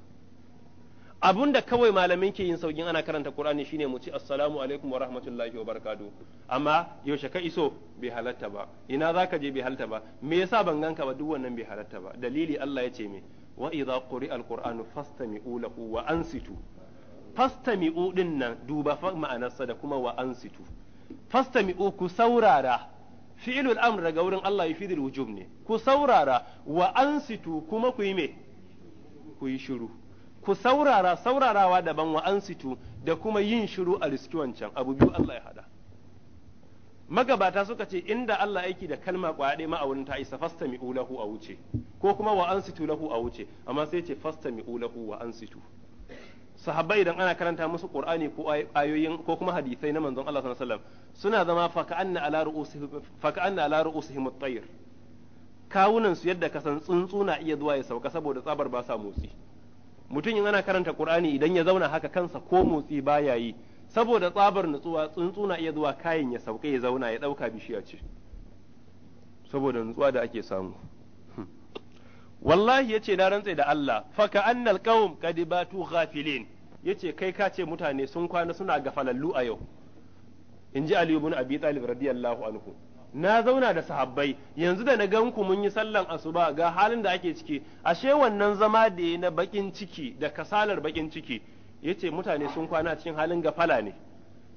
abun da kawai malamin ke yin saukin ana karanta Qur'ani shine mu ci assalamu alaikum wa rahmatullahi wa barakatuh amma yaushe ka iso bai halatta ba ina zaka je bai halatta ba me yasa ban ganka ba duk wannan bai halatta ba dalili Allah ya ce me wa idza quri'a alqur'anu fastami'u lahu wa ansitu fastami'u din nan duba ma'anarsa da kuma wa ansitu fastami'u ku saurara fi'ilul amr daga wurin Allah yufidul wujub ne ku saurara wa ansitu kuma ku me ku shiru ku saurara saurarawa daban wa ansitu da kuma yin shiru a riski wancan abu biyu Allah ya haɗa. magabata suka ce inda Allah aiki da kalma kwaɗe ma a wurin ta isa fastami ulahu a wuce ko kuma wa ansitu lahu a wuce amma sai ce fasta mi ulahu wa ansitu sahabbai idan ana karanta musu qur'ani ko ayoyin ko kuma hadisai na manzon Allah sallallahu alaihi wasallam suna zama faka'anna ala ru'usihim faka'anna ala ru'usihim at kawunan su yadda kasan tsuntsu na iya zuwa ya sauka saboda tsabar ba sa motsi mutum in ana karanta qur'ani idan ya zauna haka kansa ko motsi baya yi saboda tsabar nutsuwa tsuntsu na iya zuwa kayan ya sauka ya zauna ya ɗauka bishiya ce saboda nutsuwa da ake samu hmm. wallahi yace na rantse da Allah faka ka annal qaum qad batu ghafilin yace kai ka ce mutane sun kwana suna ga falallu a yau in ji Ali ibn Abi Talib radiyallahu anhu na zauna da sahabbai yanzu da na gan ku mun yi sallan asuba ga halin da ake ciki ashe wannan zama da na bakin ciki da kasalar bakin ciki yace mutane sun kwana cikin halin gafala ne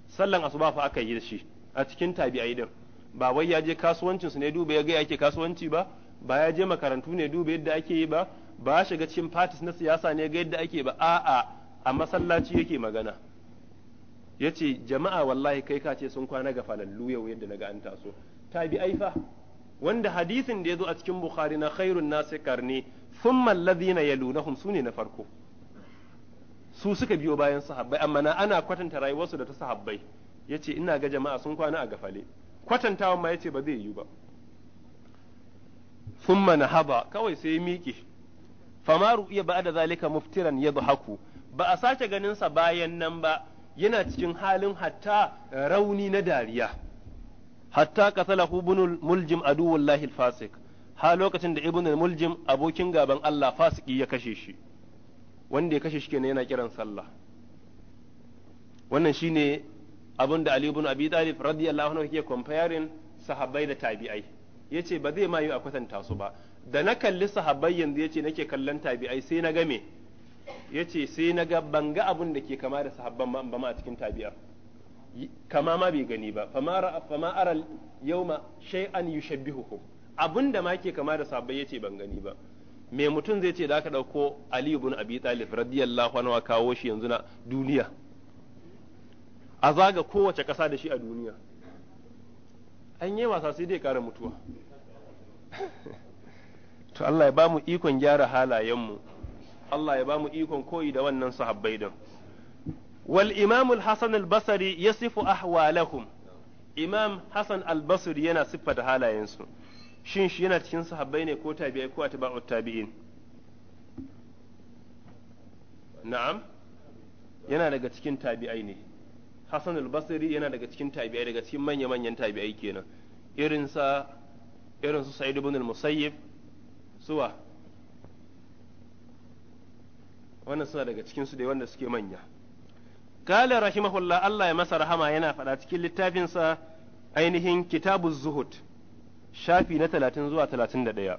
sallan asuba fa aka yi da shi a cikin tabi'ai din ba wai ya je kasuwancin su ne duba ya ga yake kasuwanci ba ba ya je makarantu ne duba yadda ake yi ba ba shiga cikin parties na siyasa ne ga yadda ake ba a'a a masallaci yake magana yace jama'a wallahi kai ka ce sun kwana gafalallu yau yadda naga an taso tabi'ai fa wanda hadisin da ya zo a cikin bukhari na khairun nasi karni thumma alladhina yalunahum sune na farko su suka biyo bayan sahabbai amma na ana kwatanta rayuwarsu da ta sahabbai yace ina ga jama'a sun kwana a gafale kwatantawan ma ya ce ba zai yiwu ba thumma nahaba kawai sai ya miƙe fama ru'iya da zalika muftiran haku ba a sace ganin sa bayan nan ba yana cikin halin hatta rauni na dariya hatta katala ibn muljim aduwullahi fasik ha lokacin da ibn muljim abokin gaban Allah fasiki ya kashe shi wanda ya kashe shi kenan yana kiran sallah wannan shine abin da Ali ibn Abi Talib radiyallahu anhu yake comparing sahabbai da tabi'ai yace ba zai ma yi a kwatanta su ba da na kalli sahabbai yanzu yace nake kallon tabi'ai sai na ga me yace sai na ga ban ga abin da ke kama da sahabban ba ma a cikin tabi'a kama ma bai gani ba fama ara yauma shay'an yushabbihukum abin da ma ke kama da sahabbai yace ban gani ba me mutum zai ce da aka ɗauko Ali ibn Abi Talib radiyallahu anhu kawo shi yanzu na duniya a zaga kowace ƙasa da shi a duniya an yi wasa sai dai ƙara mutuwa *laughs* to Allah ya ba mu ikon gyara halayenmu Allah ya ba mu ikon koyi da wannan sahabbai din wal imam al-hasan al-basri yasifu ahwalahum imam hasan al-basri yana siffata halayensu shin shi yana cikin sahabbai ne ko tabi'ai ko atba'ut tabi'in na'am yana daga cikin tabi'ai ne Hassan al-Basri yana daga cikin tabi'ai daga cikin manya-manyan tabi'ai kenan irin sa irin su Sa'id ibn al-Musayyib suwa wannan suna daga cikin su dai wanda suke manya kala rahimahullah Allah ya masa rahama yana faɗa cikin littafinsa ainihin kitabuz zuhud shafi na talatin zuwa talatin da ɗaya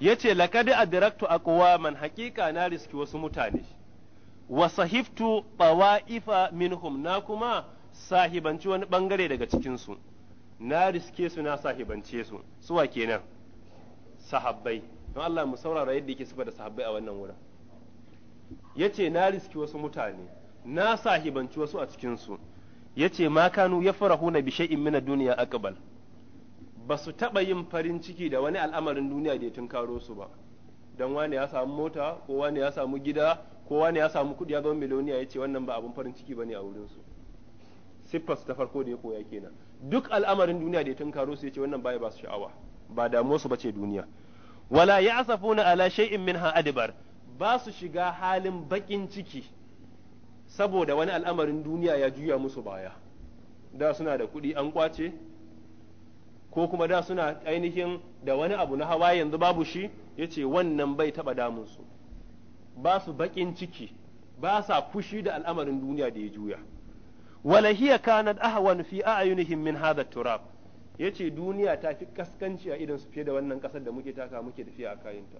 ya ce lakadi a direktu a man haƙiƙa na riski wasu mutane wa sahiftu ɓawa'ifa minhum na kuma sahibanci wani ɓangare daga cikinsu na riske su na sahibance su suwa kenan sahabbai don Allah mu saurara yadda yake suka da sahabbai a wannan wurin ya ce na riski wasu mutane na sahibanci wasu a cikinsu ya ce ma kanu ya farahu na bishai'in mina duniya akabal ba su taɓa yin farin ciki da wani al'amarin duniya da ya tun karo su ba don wani ya samu mota ko wani ya samu gida ko wani ya samu kuɗi ya zama miliyoniya ya ce wannan ba abin farin ciki ba ne a wurin su siffar ta farko da ya koya kenan duk al'amarin duniya da ya tun karo su ya ce wannan baya ba su sha'awa ba damuwa su ba ce duniya wala ya ya'safuna ala shay'in min adbar ba su shiga halin bakin ciki saboda wani al'amarin duniya ya juya musu baya da suna da kuɗi an kwace ko kuma da suna ainihin da wani abu na hawa yanzu babu shi Ya ce wannan bai taba damunsu. ba su bakin ciki ba sa fushi da al'amarin duniya da ya juya wala hiya kanat ahwan fi a'yunihim min hadha turab yace duniya ta fi kaskanci a idan su fiye da wannan kasar da muke taka muke tafiya a kayanta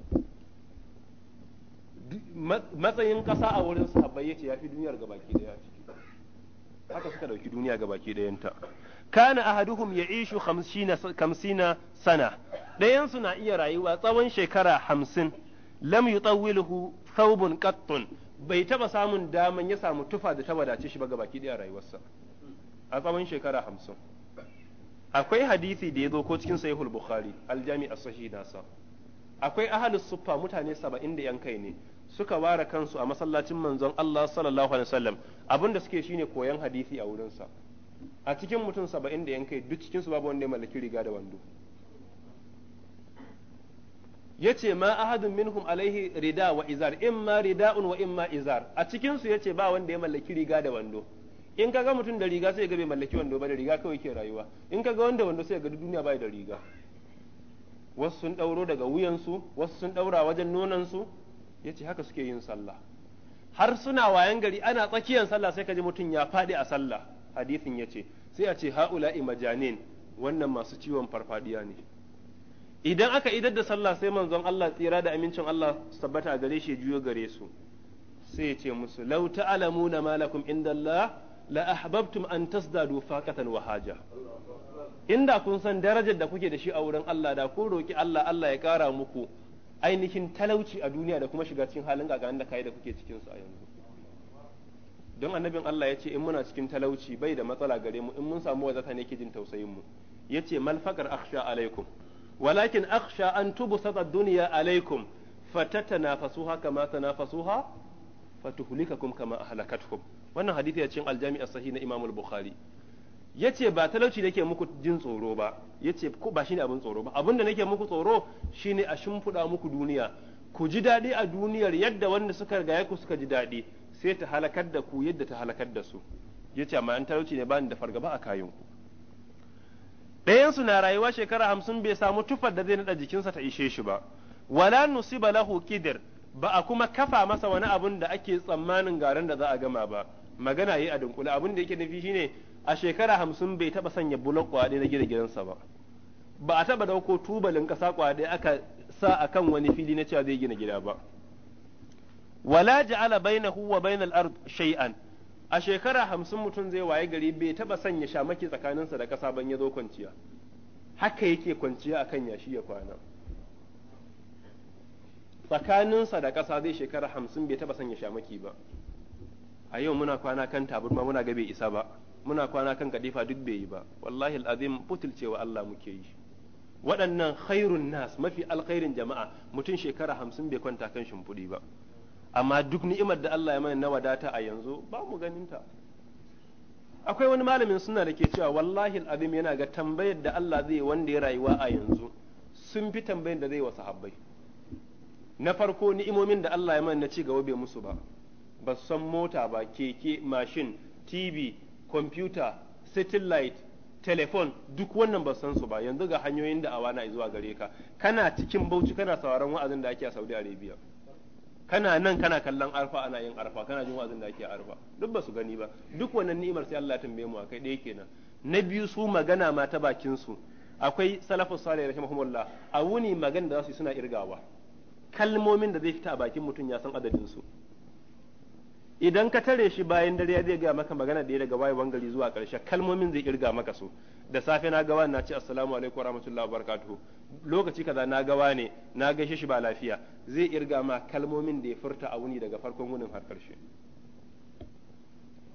matsayin kasa a wurin sahabbai yace yafi duniyar gabaki daya ciki haka suka dauki duniya gabaki dayanta kana ahaduhum ishu 50 sana Ɗayansu na iya rayuwa tsawon shekara hamsin lam yutawwiluhu thawbun qattun bai taba samun daman ya samu tufa da ta wadace shi ba ga baki ɗaya rayuwarsa a tsawon shekara hamsin akwai hadisi da ya zo ko cikin sahihul bukhari aljami as-sahih nasa akwai ahlus suffa mutane 70 da yan kai ne suka ware kansu a masallacin manzon Allah sallallahu alaihi wasallam abinda suke shine koyan hadisi a wurinsa sa a cikin mutum saba'in da yankai duk cikinsu babu wanda ya mallaki riga da wando yace ma ahadun minhum alaihi rida wa izar in imma rida'un wa ma izar a cikin su yace ba wanda ya mallaki riga da wando in ga mutum da riga sai ga bai mallaki wando ba da riga kawai ke rayuwa in kaga wanda wando sai ga duniya bai da riga wasu sun dauro daga wuyansu wasu sun daura wajen nonansu yace haka suke yin sallah har suna wayan gari ana tsakiyar sallah sai ka kaji mutum ya faɗi a sallah hadisin ya ce sai a ce ha'ula'i majanin wannan masu ciwon farfadiya ne idan aka idar da sallah sai manzon Allah tsira da amincin Allah tabbata a gare shi juyo gare su sai ya ce musu law ta'lamuna ma lakum indallah la ahbabtum an tasdadu faqatan wa haja inda kun san darajar da kuke da shi a wurin Allah da ku roki Allah Allah ya kara muku ainihin talauci a duniya da kuma shiga cikin halin gaganin da kai da kuke cikin su a yanzu don annabin Allah ya ce in muna cikin talauci bai da matsala gare mu in mun samu wazata ne ke jin tausayin mu yace mal faqar akhsha alaikum walakin akhsha an tubsata dunya alaikum fatatanafasuha kama tanafasuha fatuhlikakum kama ahlakatkum wannan hadisi ya cikin aljami'ar sahi as-sahih na imamul al-Bukhari ce ba talauci nake muku jin tsoro ba ya ce ba shine abin tsoro ba abin da nake muku tsoro shine a shimfiɗa muku duniya ku ji daɗi a duniyar yadda wanda suka gaya ku suka ji daɗi sai ta halakar da ku yadda ta halakar da su ya amma an talauci ne bani da fargaba a kayan ku ɗayansu na rayuwa shekara hamsin bai samu tufar da zai naɗa jikinsa ta ishe shi ba wala nusiba lahu kidir ba a kuma kafa masa wani abun da ake tsammanin garin da za a gama ba magana yi a dunkule abun da yake nufi shine a shekara hamsin bai taba sanya bulon kwaɗe na gida gidansa ba ba a taba dauko tubalin ƙasa kwaɗe aka sa akan wani fili na cewa zai gina gida ba wala ja'ala bainahu wa bainal ard shay'an a shekara hamsin mutum zai waye gari bai taba sanya shamaki tsakaninsa da kasa ban ya zo kwanciya haka yake kwanciya akan yashi ya kwana tsakaninsa da kasa zai shekara hamsin bai taba sanya shamaki ba a yau muna kwana kan taburma muna ga bai isa ba muna kwana kan kadifa duk bai yi ba wallahi al'azim cewa Allah muke yi waɗannan khairun nas mafi alkhairin jama'a mutum shekara hamsin bai kwanta kan shimfiɗi ba amma duk ni'imar da Allah ya mana na wadata a yanzu ba mu ganin ta akwai wani malamin suna da ke cewa wallahi al'azim yana ga tambayar da Allah zai wanda ya rayuwa a yanzu sun fi tambayar da zai wa sahabbai na farko ni'imomin da Allah ya mana na ci gaba bai musu ba ba san mota ba keke mashin tv kwamfuta satellite telefon duk wannan ba san su ba yanzu ga hanyoyin da awana zuwa gare ka kana cikin bauchi kana sauraron wa'azin da ake a Saudi Arabia kana nan kana kallon arfa ana yin arfa kana jin wazin da ake arfa duk ba su gani ba duk wannan ni'imar sai Allah ya tambaye mu akai daya kenan na biyu su magana ma ta bakin su akwai salafus salih rahimahumullah a wuni magana da su suna irgawa kalmomin da zai fita a bakin mutum ya san adadin su idan ka tare shi bayan dare zai gaya maka magana ɗaya daga wayewan gari zuwa ƙarshe kalmomin zai irga maka su da safe na gawa na ce assalamu alaikum warahmatullahi wabarakatuh lokaci kaza na gawa ne na gaishe shi ba lafiya zai irga ma kalmomin da ya furta a wuni daga farkon wunin har ƙarshe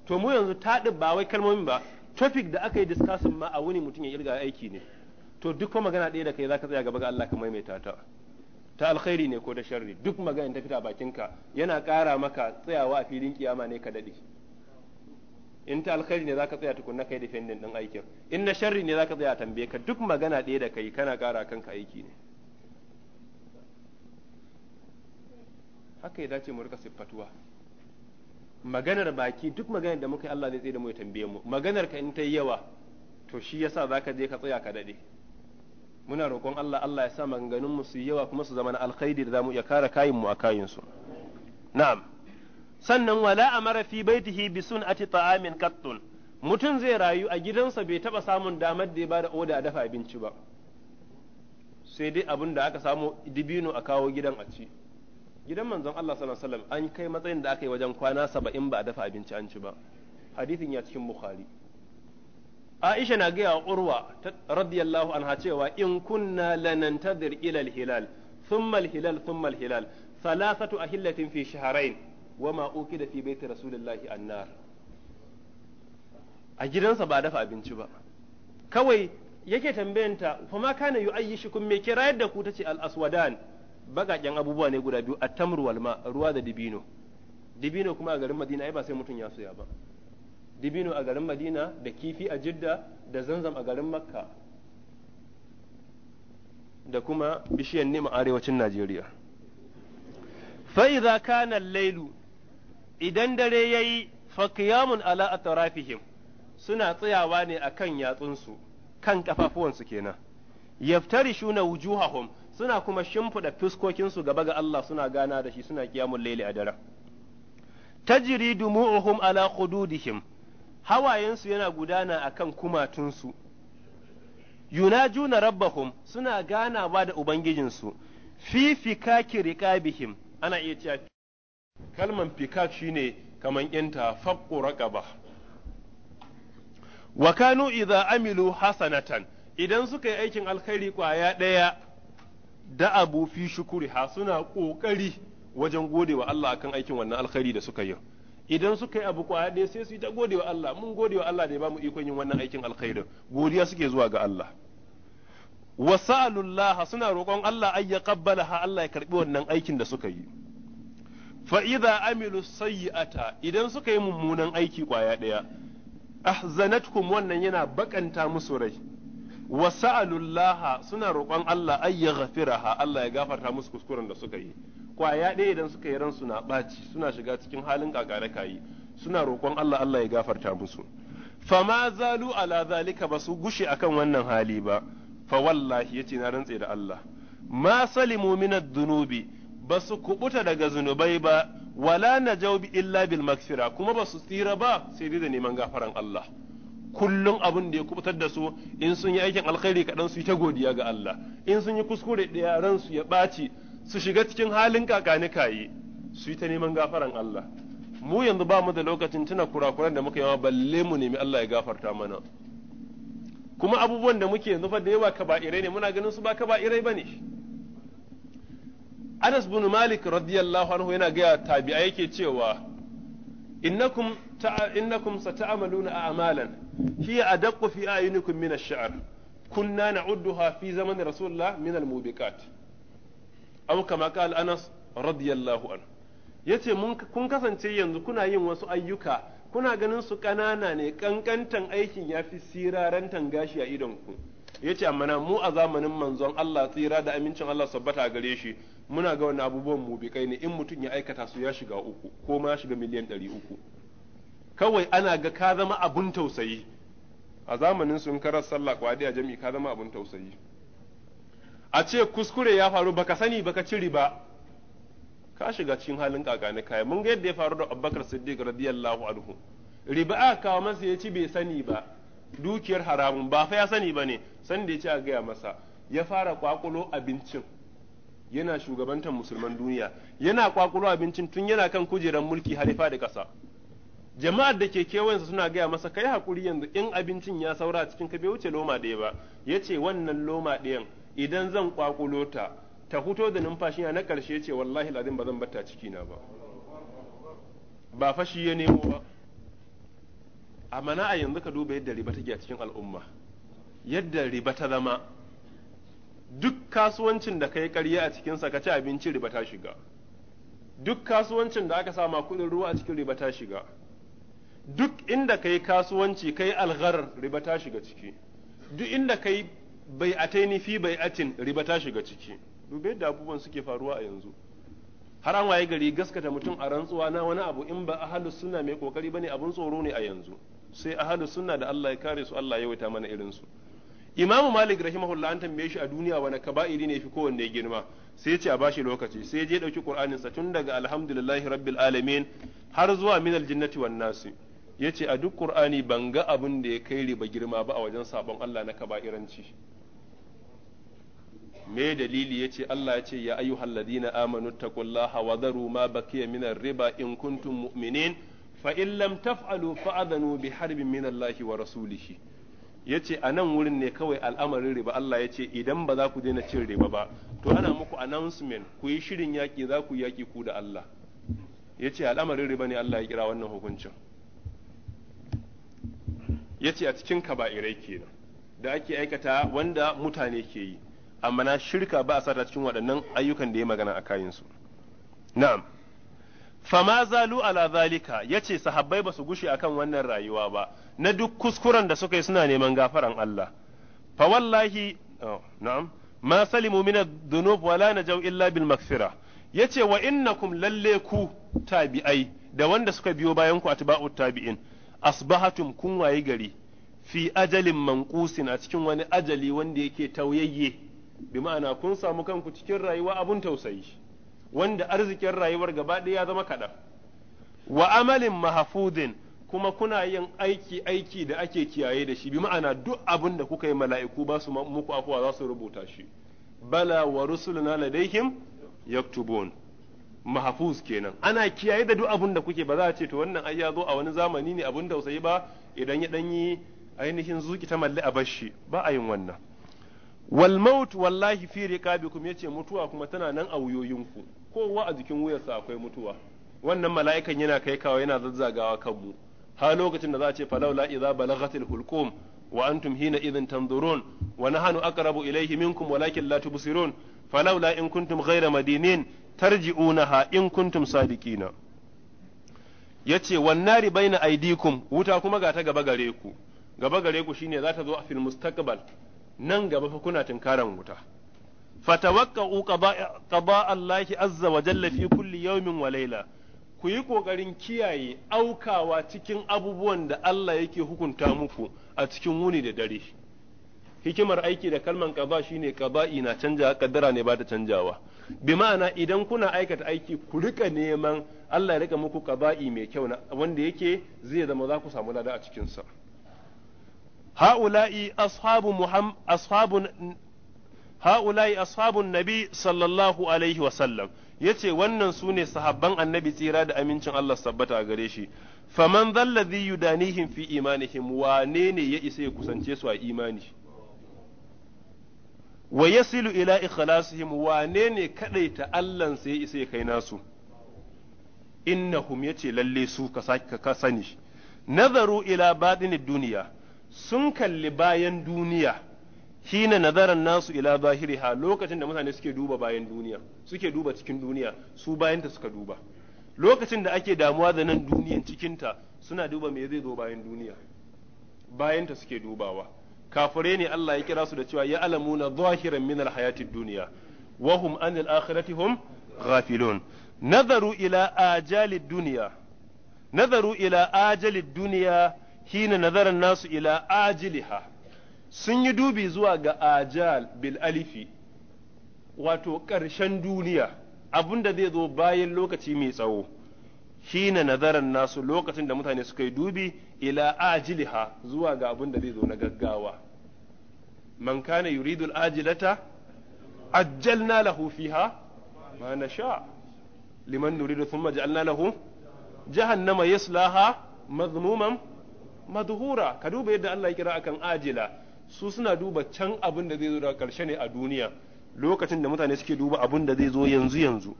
to mu yanzu taɗin ba wai kalmomin ba topic da aka yi discussing ma a wuni mutum ya irga aiki ne to duk magana ɗaya da kai zaka tsaya gaba ga Allah ka maimaita ta ta alkhairi ne ko da sharri duk maganin ta fita bakinka yana ƙara maka tsayawa a filin kiyama ne ka daɗe in ta alkhairi ne zaka tsaya tukunna kai defending din aikin in na sharri ne zaka tsaya tambaye ka duk magana ɗaya da kai kana ƙara kanka aiki ne haka ya dace mu rika siffatuwa maganar baki duk maganar da muka yi Allah zai tsaye da mu ya tambaye mu maganar ka in ta yi yawa to shi yasa zaka je ka tsaya ka daɗe muna roƙon Allah Allah ya sa maganganun mu su yawa kuma su zama na alkhairi da zamu iya kare kayin mu a kayin su na'am sannan wala amara fi baitihi bi sun'ati ta'amin qattun mutum zai rayu a gidansa bai taba samun damar da ya bada oda a dafa abinci ba sai dai abin da aka samu dibino a kawo gidan a ci gidan manzon Allah sallallahu alaihi wasallam an kai matsayin da aka yi wajen kwana saba'in ba a dafa abinci an ci ba hadithin ya cikin bukhari Aisha na gaya wa Urwa radiyallahu anha cewa in kunna lanantadir ila hilal thumma al-hilal thumma al-hilal thalathatu ahillatin fi shahrayn wama ukida fi baiti rasulillahi annar a gidansa ba dafa abinci ba kawai yake tambayanta fa ma kana yu'ayyishukum me kira yadda ku tace al-aswadan bagaken abubuwa ne guda biyu at-tamru wal ma ruwa da dibino dibino kuma a garin Madina ai ba sai mutun ya soya ba dibino a garin madina da kifi a jidda da zanzam a garin makka da kuma bishiyar nima arewacin najeriya fa'iza kana lailu idan dare ya yi faƙiyamun ala atrafihim suna tsayawa ne a kan yatsunsu kan kafafuwansu kenan yaftari shuna wujuhahum suna kuma shimfiɗa fuskokinsu gaba ga Allah suna gana da shi suna kiyamun laili a daren jiridu dumu'uhum ala qududihim hawayensu yana gudana a akan kumatunsu yunajuna rabbahum suna ganawa da ubangijinsu fi riƙa bihim ana iya cewa kalman fikak shine kaman yanta faqqu raqaba wa kanu idza amilu hasanatan idan suka yi aikin alkhairi ƙwaya ɗaya da abu fi shukuri ha suna ƙoƙari wajen gode wa Allah akan aikin wannan alkhairi da suka yi idan suka yi abu kwaya ɗaya sai su yi ta gode wa Allah mun gode wa Allah da ya bamu ikon yin wannan aikin alkhairin godiya suke zuwa ga Allah wa sa'alullaha suna roƙon Allah ayya qabbalaha Allah ya karbi wannan aikin da suka yi fa idza amilu sayyi'ata idan suka yi mummunan aiki kwaya ɗaya ahzanatkum wannan yana bakanta musu rai wa sa'alullaha suna roƙon Allah ayya ghafiraha Allah ya gafarta musu kuskuren da suka yi kwaya ɗaya idan suka yi ransu na ɓaci suna shiga cikin halin ƙaƙare kayi suna roƙon Allah Allah ya gafarta musu fama zalu ala zalika ba su gushe akan wannan hali ba fa wallahi yace na rantse da Allah ma salimu minad dunubi ba su kubuta daga zunubai ba wala najau bi illa bil magfira kuma ba su tsira ba sai dai da neman gafaran Allah kullum abun da ya kubutar da su in sun yi aikin alkhairi kaɗan su yi ta godiya ga Allah in sun yi kuskure ɗaya ransu ya ɓaci su shiga cikin halin kakani kayi su yi ta neman gafaran Allah mu yanzu ba mu da lokacin tuna kurakuran da muka yi balle mu nemi Allah ya gafarta mana kuma abubuwan da muke yanzu fa da yawa kaba'irai ne muna ganin su ba kaba'irai bane Anas bin Malik radiyallahu anhu yana gaya tabi'a yake cewa innakum ta innakum sata'amaluna a'malan hiya adaqqu fi ayunikum min ash-sha'r kunna na'udduha fi zaman rasulullah min al-mubiqat abu kama qala Anas radiyallahu anhu yace mun kun kasance yanzu kuna yin wasu ayyuka kuna ganin su ƙanana ne ƙanƙantan aikin ya fi sirarantan gashi a idon ku yace amma mu a zamanin manzon Allah tsira da amincin Allah sabbata gare shi muna ga wani abubuwan mu bikai ne in mutum ya aikata su ya shiga uku ko ma shiga miliyan ɗari uku kawai ana ga ka zama abun tausayi a zamanin sun karar sallah kwadi a jami'i ka zama abun tausayi a ce kuskure ya faru baka sani baka ciri ba ka shiga cikin halin kakani kai mun ga yadda ya faru da Abubakar Siddiq radiyallahu anhu riba aka kawo masa ya ci bai sani ba dukiyar haramun ba fa ya sani ba ne san da ya ci a gaya masa ya fara kwakulo abincin yana shugabantar musulman duniya yana kwakulo abincin tun yana kan kujerar mulki halifa da kasa jama'ar da ke kewayensa suna gaya masa kai hakuri yanzu in abincin ya saura cikin ka bai wuce loma ɗaya ba ya ce wannan loma ɗayan idan zan kwakulo ta ta fito da numfashi na karshe ce wallahi lazim ba zan batta cikina ba ba fashi ya nemo ba A na a yanzu ka duba yadda riba take a cikin al'umma yadda riba ta zama duk kasuwancin da kai ƙarya a cikinsa ka ci abinci riba ta shiga duk kasuwancin da aka sama kuɗin ruwa a cikin riba ta shiga duk inda kai kasuwanci kai algharar riba ta shiga ciki duk inda kai bai ataini fi bai atin riba ta shiga ciki dubai da abubuwan suke faruwa a yanzu har an waye gari gaskata mutum a rantsuwa na wani abu in ba ahalus sunna mai kokari bane abun tsoro ne a yanzu sai ahalus sunna da Allah ya kare su Allah ya yawaita mana irin su Imam Malik rahimahullah an tambaye shi a duniya wani kaba'iri ne fi kowanne girma sai ce a bashi lokaci sai je dauki Qur'anin sa tun daga alhamdulillahi rabbil alamin har zuwa minal jinnati wan nasi yace a duk Qur'ani ban ga abun da ya kai riba girma ba a wajen sabon Allah na kaba'iranci me dalili yace Allah ya ce ya ayu halladina amanu taqullaha wa zaruma ma bakiya min riba in kuntum mu'minin fa in lam taf'alu adanu bi harbin min Allahi wa rasulihi yace a nan wurin ne kawai al'amarin riba Allah ya ce idan ba za ku daina cin riba ba to ana muku announcement ku yi shirin yaki za ku yaki ku da Allah yace al'amarin riba ne Allah ya kira wannan hukuncin yace a cikin kaba'irai kenan da ake aikata wanda mutane ke yi amma na shirka ba a sata cikin waɗannan ayyukan da ya magana a kayansu na'am fama zalu ala zalika ya ce sahabbai ba su gushe akan wannan rayuwa ba na duk kuskuren da suka yi suna neman gafaran Allah fa wallahi oh, na'am ma salimu mina dunub wala na jau illa bil Ya ce wa kum lalle ku tabi'ai da wanda suka biyo bayan ku tabi'in asbahatum kun gari fi ajalin manqusin a cikin wani ajali wanda yake tauyayye bi ma'ana kun samu kanku cikin rayuwa abun tausayi wanda arzikin rayuwar gaba ɗaya ya zama kaɗan wa amalin mahafudin kuma kuna yin aiki aiki da ake kiyaye da shi bi ma'ana duk abun da kuka yi mala'iku ba su muku afuwa za su rubuta shi bala wa rusuluna ladaihim yaktubun mahfuz kenan ana kiyaye da duk abun da kuke ba za a ce to wannan ai zo a wani zamani ne abin tausayi ba idan ya danyi ainihin zuki ta malli a bashi ba a yin wannan wal maut wallahi fi riqabikum yace mutuwa kuma tana nan a wuyoyinku kowa a jikin wuyarsa akwai mutuwa wannan mala'ikan yana kai kawo yana zazzagawa kan mu har lokacin da za a ce falaula idza balaghatil hulqum wa antum hina idhin tanzurun wa nahnu aqrabu ilayhi minkum walakin la tubsirun falaula in kuntum ghayra madinin tarji'unaha in kuntum sadiqina yace na baina kum wuta kuma ga ta gaba gare ku gaba gare ku shine za ta zo a fil mustaqbal nan gaba fa kuna tinkaran wuta fatawakka'u qada Allahi azza wa jalla fi kulli yawmin wa layla ku yi kokarin kiyaye aukawa cikin abubuwan da Allah yake hukunta muku a cikin wuni da dare hikimar aiki da kalman qada shine qada'i na canja kaddara ne ba ta canjawa bi ma'ana idan kuna aikata aiki ku rika neman Allah ya rika muku qada'i mai kyau wanda yake zai zama za ku samu lada a cikin sa هؤلاء أصحاب محمد أصحاب هؤلاء أصحاب النبي صلى الله yace wannan su ne sahabban annabi tsira da amincin Allah sabbata a gare shi faman zalladhi yudanihim fi imanihim wane ne ya isa ya kusance su a imani wa yasilu ila ikhlasihim wane ne kadaita Allah ya isa ya kai nasu innahum yace lalle su ka sani nazaru ila badinid duniya sun kalli bayan duniya hina nazaran nasu ila zahiriha lokacin da mutane suke duba bayan duniya suke duba cikin duniya su bayanta suka duba lokacin da ake damuwa da nan duniyan cikinta suna duba me zai zo bayan duniya bayanta suke dubawa kafure ne Allah ya kira su da cewa ya alamuna zahiran min alhayatid duniya wa hum anil akhirati hum ghafilun nazaru ila ajalid duniya nazaru ila ajali duniya hina nazaran nasu ila ajiliha sun yi dubi zuwa ga ajal bil alifi wato ƙarshen duniya abin da zai zo bayan lokaci mai tsawo hina nazaran nasu lokacin da mutane suka yi dubi ila ajiliha zuwa ga abin da zai zo na gaggawa man kana yuridu al-ajilata ajjalna lahu fiha ma nasha liman nuridu thumma ja'alna lahu jahannama yaslaha madhmuman madhura ka duba yadda Allah ya kira akan ajila su suna duba can abin da zai zo daga karshe ne a duniya lokacin da mutane suke duba abin da zai zo yanzu yanzu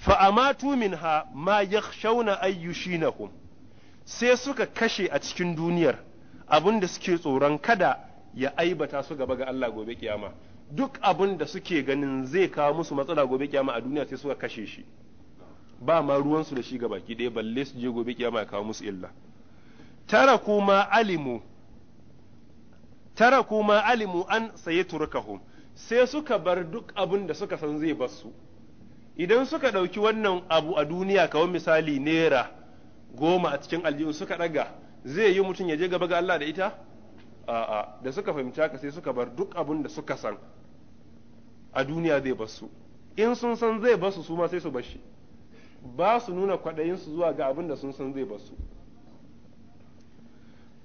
fa amatu minha ma yakhshawna ayyushinakum sai suka kashe a cikin duniyar abin da suke tsoron kada ya aibata su gaba ga Allah gobe kiyama duk abin da suke ganin zai kawo musu matsala gobe kiyama a duniya sai suka kashe shi ba ma ruwansu da shi gaba, ki ɗaya balle su je gobe kiyama ya kawo musu illa taraku ma alimu taraku ma alimu an saye turkahum sai suka bar duk abin da suka san zai basu idan suka ɗauki wannan abu a duniya kawai misali naira goma a cikin aljihun suka ɗaga zai yi mutum ya je gaba ga Allah da ita a'a da suka fahimci haka sai suka bar duk abin da suka san a duniya zai basu in sun san zai basu su ma sai su bashi ba su nuna kwaɗayinsu zuwa ga abin da sun san zai basu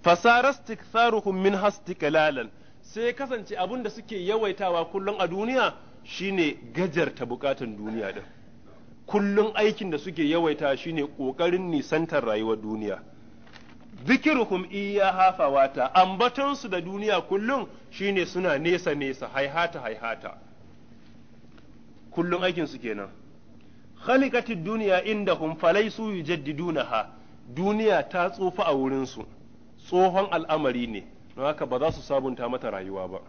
fasara tsaruhun min hastiklalan sai kasance abin da suke yawaitawa kullum a duniya shine gajarta bukatun duniya din kullum aikin da suke yawaita shine kokarin nisantar rayuwar duniya zikiruhum hafa wata ambatonsu da duniya kullum shine suna nesa nesa haihata haihata kullum aikin su kenan khaliqatid duniya indahum yi yujaddidunaha duniya ta tsufa a wurinsu. tsohon al'amari ne don haka ba za su sabunta mata rayuwa ba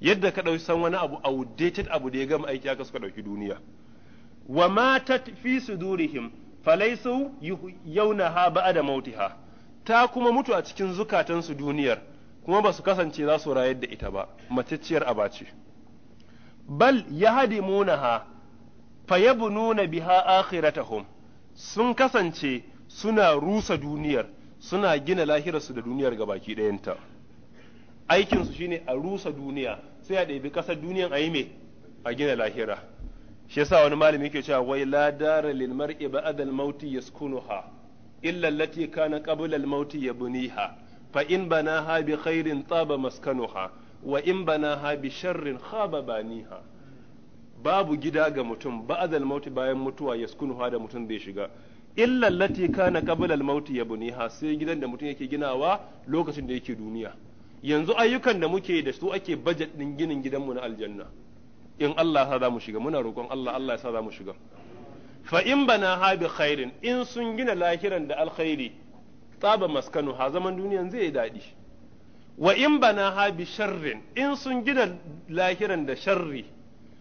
yadda ka ɗauki san wani abu outdated abu da ya gama aiki aka suka ɗauki duniya wa matat fi sudurihim ba yaunaha ba'da mautiha ta kuma mutu a cikin zukatansu duniyar kuma ba su kasance za su rayar da ita ba macicciyar abaci bal yahdimunaha nuna biha akhiratahum sun kasance suna rusa duniyar suna gina lahirarsu da duniyar ga baki ɗayanta aikinsu shine a rusa duniya sai a ɗabi ƙasar duniyan a yi me a gina lahira shi yasa wani malami yake cewa wai la dara lil mar'i ba'da al mauti yaskunuha illa allati kana qabla al mauti yabniha fa in banaha bi khairin taba maskanuha wa in banaha bi sharrin khaba baniha babu gida ga mutum ba'da al mauti bayan mutuwa yaskunuha da mutum zai shiga illan lati kana qabla al maut yabniha sai gidan da mutum yake ginawa lokacin da yake duniya yanzu ayyukan da muke da su ake budget din ginin gidan mu na aljanna in Allah ya sa mu shiga muna roƙon Allah Allah ya sa za mu shiga fa in bana ha bi khairin in sun gina lahiran da alkhairi tsaba maskanu ha zaman duniyan zai yi daɗi wa in bana ha bi sharrin in sun gina lahiran da sharri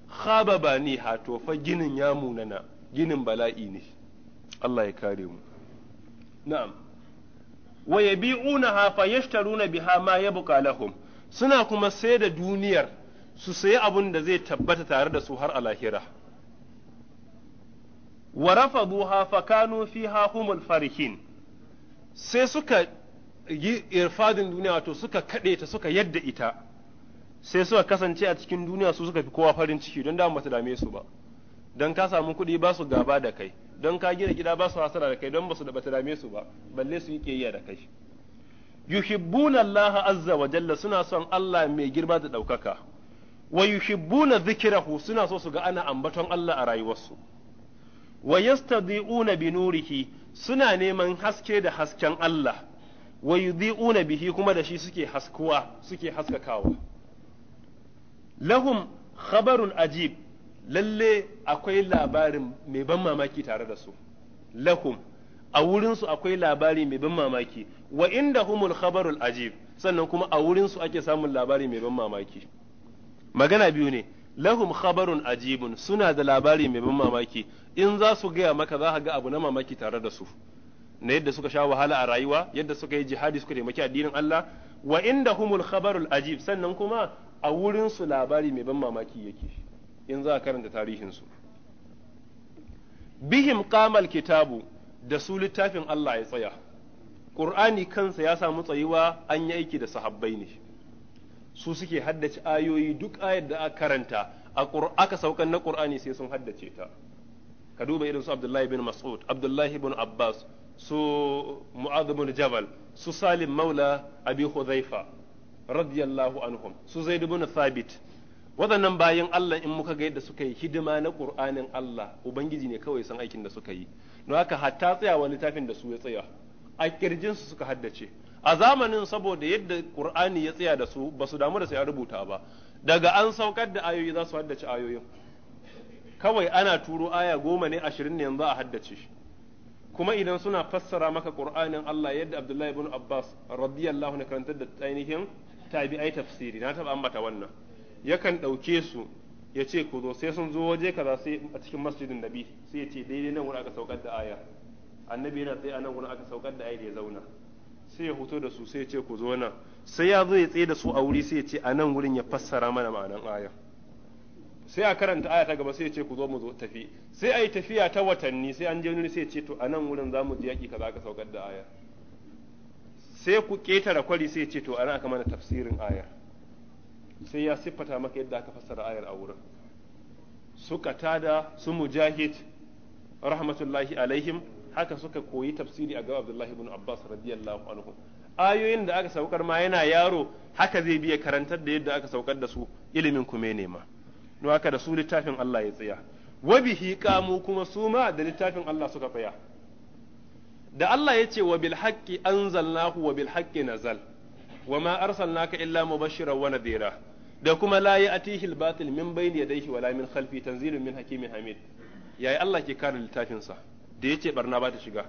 khaba bani ha to fa ginin ya munana ginin bala'i ne Allah ya kare mu na'am wa yabi'unaha biha ma buƙa lahum suna kuma sai da duniyar su sayi abun da zai tabbata tare da su har a lahira wa hafa fa kanu fiha humul farihin sai suka yi irfadin duniya wato suka kaɗe ta suka yadda ita sai suka kasance a cikin duniya su suka fi kowa farin ciki don da ba su ba don ka samu kuɗi ba su gaba da kai don ka gina gida ba su hasara da kai don ba su da bata dame su ba balle su yi kiyayya da kai yuhibbuna Allah azza wa jalla suna son Allah mai girma da ɗaukaka wa yuhibbuna dhikrahu suna so su ga ana ambaton Allah a rayuwarsu wa yastadi'una bi nurihi suna neman haske da hasken Allah wa yudhi'una bihi kuma da shi suke haskuwa suke haskakawa lahum khabarun ajib lalle akwai labarin mai ban mamaki tare da su lahum a wurinsu akwai labari mai ban mamaki wa inda humul khabarul ajib sannan kuma a wurinsu ake samun labari mai ban mamaki magana biyu ne lahum khabarun ajibun suna da labari mai ban mamaki in za su gaya maka za ka ga abu na mamaki tare da su na yadda suka sha wahala a rayuwa yadda suka yi jihadi suka taimaki addinin Allah wa inda humul khabarul ajib sannan kuma a wurinsu labari mai ban mamaki yake in za a karanta tarihinsu bihim qamal kitabu da su littafin Allah ya tsaya Qur'ani kansa ya samu tsayuwa an yi aiki da sahabbai ne su suke haddace ayoyi duk ayar da aka karanta a aka saukan na Qur'ani sai sun haddace ta ka duba irin su Abdullahi bin Mas'ud Abdullahi bin Abbas su Mu'adh Jabal su Salim Maula Abi Hudhaifa radiyallahu anhum su Zaid bin Thabit waɗannan bayan Allah in muka ga yadda suka yi hidima na ƙur'anin Allah ubangiji ne kawai san aikin da suka yi don haka hatta tsayawa littafin da su ya tsaya a kirjin su suka haddace a zamanin saboda yadda ƙur'ani ya tsaya da su ba su damu da sai a rubuta ba daga an saukar da ayoyi za su haddace ayoyin kawai ana turo aya goma ne ashirin ne yanzu a haddace kuma idan suna fassara maka ƙur'anin Allah yadda Abdullahi ibn Abbas radiyallahu anhu karantar da ainihin tabi'ai tafsiri na taba ambata wannan yakan ɗauke su ya ce ku zo sai sun zo waje kaza sai a cikin masjidin nabi sai ya ce daidai nan wurin aka saukar da aya annabi yana tsaye a nan wurin aka saukar da aya da ya zauna sai ya hoto da su sai ya ce ku zo nan sai ya zo ya tsaye da su a wuri sai ya ce a nan wurin ya fassara mana ma'anan aya sai a karanta aya ta gaba sai ya ce ku zo mu zo tafi sai a yi tafiya ta watanni sai an je wani sai ya ce to a nan wurin za mu je yaƙi kaza aka saukar da aya sai ku ƙetare kwari sai ya ce to a nan aka mana tafsirin ayar sai ya siffata maka yadda aka fassara ayar a wurin suka tada su mujahid rahmatullahi alaihim haka suka koyi tafsiri a gaba Abdullahi ibn Abbas radiyallahu anhu ayoyin da aka saukar ma yana yaro haka zai biya karantar da yadda aka saukar da su ilimin kume ne ma no haka da su littafin Allah ya tsaya wa bihi qamu kuma su ma da littafin Allah suka tsaya da Allah ya ce wa bil haqqi anzalnahu wa bil haqqi nazal wa ma arsalnaka illa mubashiran wa nadhira da kuma la ya'tihi al-batil min bayni yadayhi wala min khalfi tanzilun min hakimin hamid yayi Allah ke kare littafin sa da yace barna ba ta shiga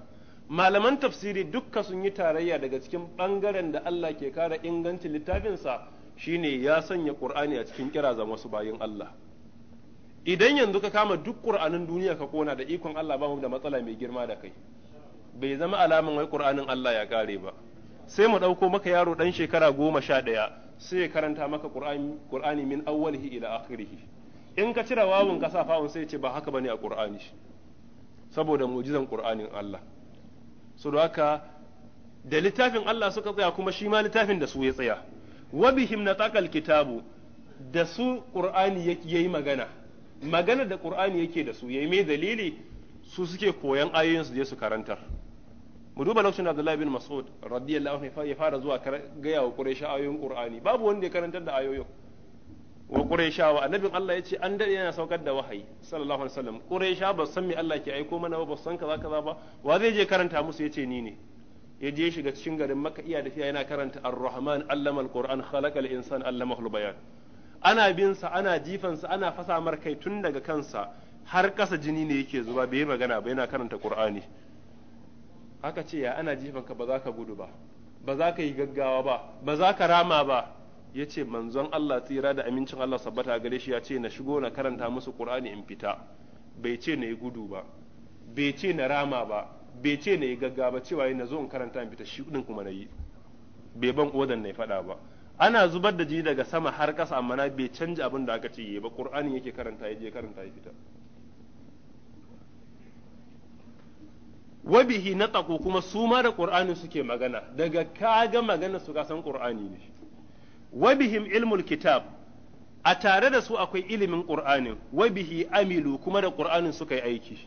malaman tafsiri dukka sun yi tarayya daga cikin bangaren da Allah ke kare ingancin littafin sa shine ya sanya Qur'ani a cikin kirazan wasu bayin Allah idan yanzu ka kama duk Qur'anin duniya ka kona da ikon Allah ba mu da matsala mai girma da kai bai zama alamin wai Qur'anin Allah ya kare ba sai mu ɗauko maka yaro ɗan shekara goma sha ɗaya sai ya karanta maka ƙur'ani min awwalihi ila akhirihi in ka cire wawun ka sa fawun sai ce ba haka bane a ƙur'ani saboda mu'jizan ƙur'anin Allah so da haka da littafin Allah suka tsaya kuma shi ma littafin da su ya tsaya wa bihim nataqal kitabu da su ƙur'ani yake yayi magana magana da ƙur'ani yake da su yayi mai dalili su suke koyan ayoyin su je su karantar mu duba lokacin da Abdullahi bin Mas'ud radiyallahu anhu ya fara zuwa gaya wa Quraysh ayoyin Qur'ani babu wanda ya karantar da ayoyin wa wa annabin Allah ya ce an dade yana saukar da wahayi sallallahu alaihi wasallam Quraysh ba san me Allah ke aiko mana ba ba san kaza kaza ba wa zai je karanta musu yace ni ne ya je shiga cikin garin Makka iya da yana karanta Ar-Rahman allama al-Qur'an khalaqal insana allamahu al-bayan ana bin sa ana jifan sa ana fasa markai kai tun daga kansa har kasa jini ne yake zuba bai magana ba yana karanta Qur'ani aka ce ya ana jifanka ba za ka gudu ba ba za ka yi gaggawa ba ba za ka rama ba ya ce manzon Allah tsira da amincin Allah sabbata gare shi ya ce na shigo na karanta musu Qur'ani in fita bai ce na yi gudu ba bai ce na rama ba bai ce na yi gaggawa ba cewa na zo in karanta in fita shi din kuma na yi bai ban odan na yi faɗa ba ana zubar da jini daga sama har kasa amma na bai canja abin da aka ce ba Qur'ani yake karanta ya je karanta ya fita Wabihi na tsako kuma su ma da qur'ani suke magana daga kaga magana su ka san qur'ani ne wa bihim ilmul kitab a tare da su akwai ilimin qur'anin wabihi bihi amilu kuma da qur'anin suka yi aiki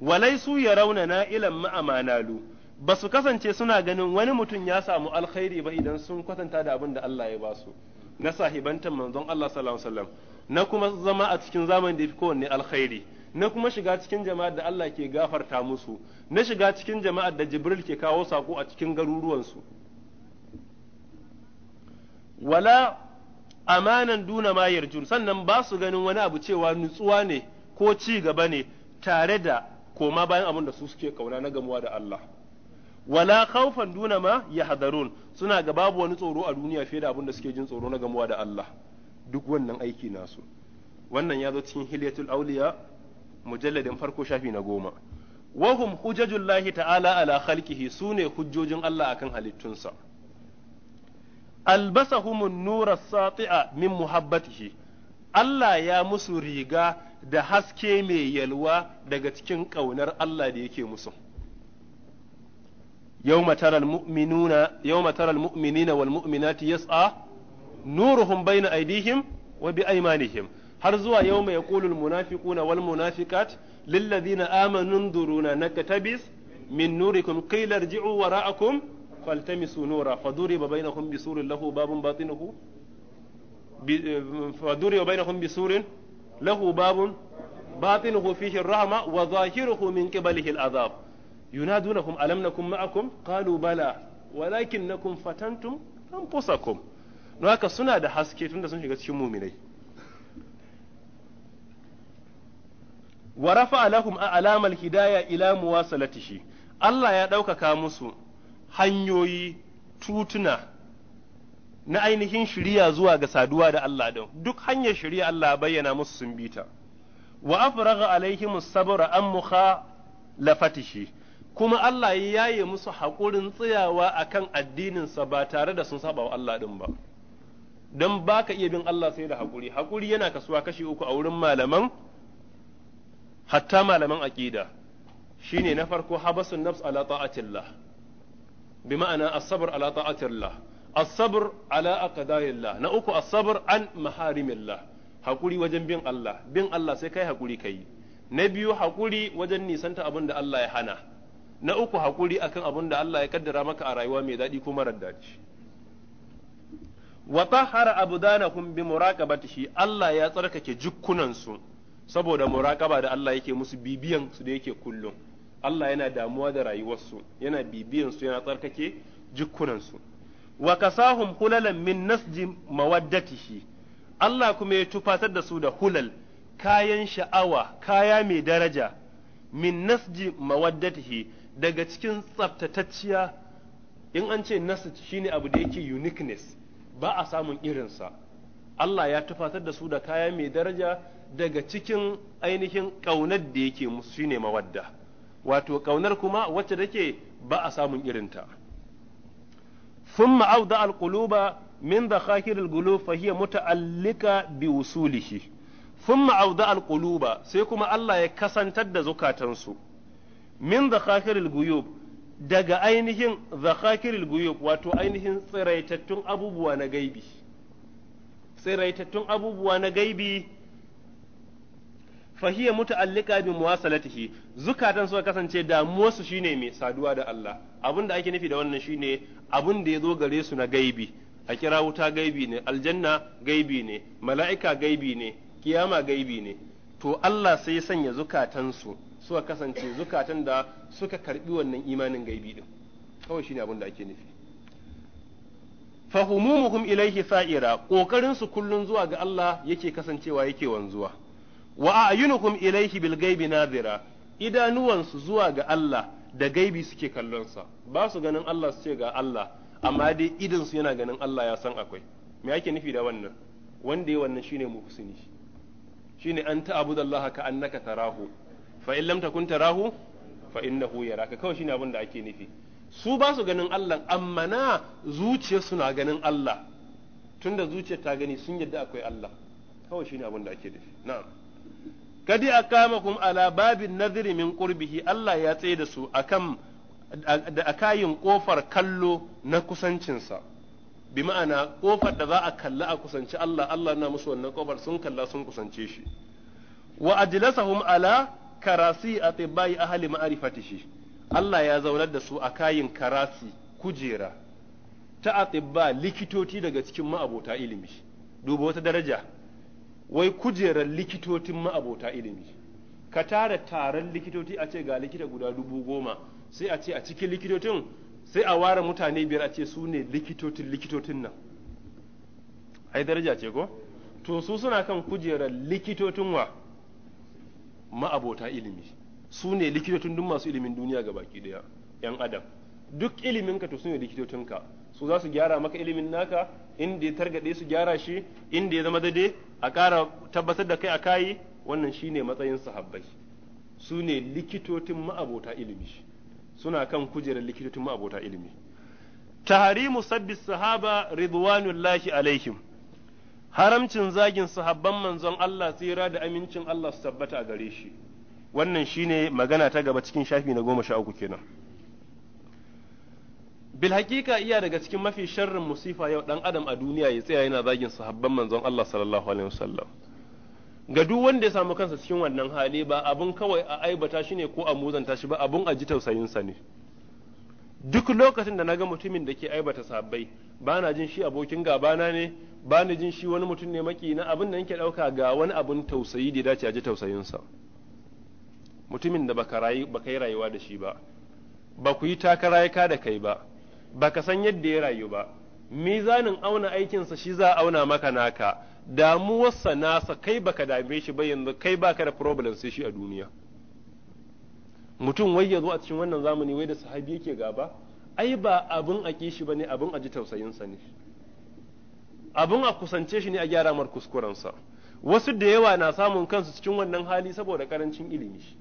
walai su ya rauna na ilan ma'amanalu ba su kasance suna ganin wani mutum ya samu alkhairi ba idan sun kwatanta da abin da Allah ya ba su na sahibantan manzon Allah sallallahu alaihi na kuma zama a cikin zamanin da fi kowanne alkhairi na kuma shiga cikin jama'ar da Allah ke gafarta musu na shiga cikin jama'ar da Jibril ke kawo sako a cikin garuruwansu wala amanan duna ma yarjun sannan ba su ganin wani abu cewa nutsuwa ne ko ci gaba ne tare da koma bayan abin da su suke kauna na gamuwa da Allah wala khaufan duna ma yahdarun suna ga babu wani tsoro a duniya fiye da abin da suke jin tsoro na gamuwa da Allah duk wannan aiki nasu wannan ya zo cikin hilyatul auliya mujalladin farko shafi na goma wahum lahi ta'ala ala khalqihi sune hujjojin Allah akan halittunsa albasahumun nura sati'a min muhabbatihi Allah ya musu riga da haske mai yalwa daga cikin ƙaunar Allah da yake musu Yau mataral mu'minuna yawma taral mu'minina wal mu'minati yas'a nuruhum bayna aydihim wa bi aymanihim har zuwa yau mai yaqulul munafiquna wal munafiqat lil ladina amanu duruna nakatabis min nurikum qila irji'u wara'akum faltamisu nura faduriba bainahum bisurin lahu babun batinuhu فدري بينهم بسور له باب باطنه فيه الرحمة وظاهره من قبله العذاب ينادونهم ألم نكن معكم قالوا بلى ولكنكم فتنتم أنفسكم نوعك سنة da haske tunda sun shiga cikin muminai wa rafa lahum a alamal hidaya ila muwasalatihi Allah ya ɗaukaka musu hanyoyi tutuna na ainihin shirya zuwa ga saduwa da Allah ɗin. duk hanyar shirya Allah bayyana musu sun bita wa afraga alaihim sabra an mukhalafatihi kuma Allah ya yaye musu haƙurin tsayawa akan sa ba tare da sun saba wa Allah din ba don baka iya bin Allah sai da haƙuri haƙuri yana kasuwa kashi uku a wurin malaman hatta malaman aqida shine na farko habasun nafs ala ta'atillah bi ma'ana as-sabr ala ta'atillah as-sabr ala aqdarillah na uku as-sabr an maharimillah hakuri wajen bin Allah bin Allah sai kai hakuri kai na biyu hakuri wajen nisanta abin da Allah ya hana na uku hakuri akan abin da Allah ya kaddara maka a rayuwa mai daɗi ko marar daɗi wa tahara abudanahum bi muraqabatihi Allah ya tsarkake jukkunansu saboda muraƙaba da Allah yake musu bibiyan su da yake kullum Allah yana damuwa da rayuwarsu yana bibiyan su yana tsarkake su wa kasahum hulalan min nasji mawaddatihi Allah kuma ya tufatar da su da hulal kayan sha'awa kaya mai daraja min nasji mawaddatihi daga cikin tsaftatacciya in an ce nasj shine abu da yake uniqueness ba a samun irinsa Allah ya tufatar da su da kaya mai daraja daga cikin ainihin ƙaunar da yake musu shine mawadda wato ƙaunar kuma wacce take ba a samun irinta thumma awda alquluba min dhakhakir alqulub fa hiya muta'allika bi wusulihi thumma awda alquluba sai kuma Allah ya kasantar da zukatansu min dhakhakir alquyub daga ainihin dhakhakir alquyub wato ainihin tsiraitattun abubuwa na gaibi tsiraitattun abubuwa na gaibi fahiya muta'allika bi muwasalatihi zukatan suka kasance damuwar su shine mai saduwa da Allah abin da ake nufi da wannan shine abin da ya zo gare su na gaibi a kira wuta gaibi ne aljanna gaibi ne mala'ika gaibi ne kiyama gaibi ne to Allah sai ya sanya zukatan su suka kasance zukatan da suka karbi wannan imanin gaibi din kawai shine abin da ake nufi fahumumuhum ilaihi sa'ira kokarin su kullun zuwa ga Allah yake kasancewa yake wanzuwa wa ayunukum ilaihi bil gaibi nazira idanuwansu zuwa ga Allah da gaibi suke kallon sa ba su ganin Allah su ce ga Allah amma dai idan su yana ganin Allah ya san akwai me ake nufi da wannan wanda ya wannan shine mufsini shine an ta'budallaha ka annaka tarahu fa in lam takun tarahu fa innahu yaraka kawai shine abin da ake nufi su ba su ganin Allah amma na zuciya suna ganin Allah tunda zuciya ta gani sun yadda akwai Allah kawai shine abin da ake nufi na'am kadi hum ala babin nadhri min qurbihi Allah ya tsaye da su akan da akayin kofar kallo na kusancinsa bi ma'ana kofar da za a kalla a kusanci Allah Allah na musu wannan kofar sun kalla sun kusance shi wa ajlasahum ala karasi atibai ahli ma'rifatihi Allah ya zaunar da su a kayin karasi kujera ta atibba likitoci daga cikin ma'abota ilimi duba wata daraja wai kujerar likitocin ma'abota ilimi ka tara taron likitoti a ce ga likita guda dubu goma sai a ce a cikin likitotin sai a ware mutane biyar a ce su ne likitotin likitotin nan ai daraja ce ko to su suna kan kujerar likitotin wa ma'abota ilimi su ne likitotin duk masu ilimin duniya ga baki daya yan adam duk iliminka to su ne likitotin ka. su za su gyara maka ilimin naka inda ya targade su gyara shi inda ya zama daidai a ƙara tabbatar da kai a kayi wannan shine matsayin sahabbai su ne likitotin ma'abota ilimi suna kan kujerar likitotin ma'abota ilimi taharimu sabbi sahaba ridwanullahi alaihim haramcin zagin sahabban manzon Allah tsira da amincin Allah su tabbata a gare shi wannan shine magana ta gaba cikin shafi na goma sha uku kenan bil hakika iya daga cikin mafi sharrin musifa yau dan adam a duniya ya tsaya yana zagin sahabban manzon Allah sallallahu alaihi wasallam ga duk wanda ya samu kansa cikin wannan hali ba abun kawai a aibata shi ne ko a muzanta shi ba abun a ji tausayin sa ne duk lokacin da naga mutumin da ke aibata sahabbai ba na jin shi abokin gabana ne ba na jin shi wani mutum ne maki na abin da nake dauka ga wani abun tausayi da dace a ji tausayin sa mutumin da baka rayu baka yi rayuwa da shi ba ba ku yi takara ya da kai ba baka san yadda ya rayu ba mizanin auna aikinsa shi za a auna maka naka damuwarsa nasa kai baka dame shi ba yanzu kai baka da problem sai shi a duniya mutum wai ya zo a cikin wannan zamani wai da sahabi yake gaba ai ba abin a kishi bane abin a ji tausayinsa ne abin a kusance shi ne a gyara mar kuskurensa wasu da yawa na samun kansu cikin wannan hali saboda karancin ilimi shi.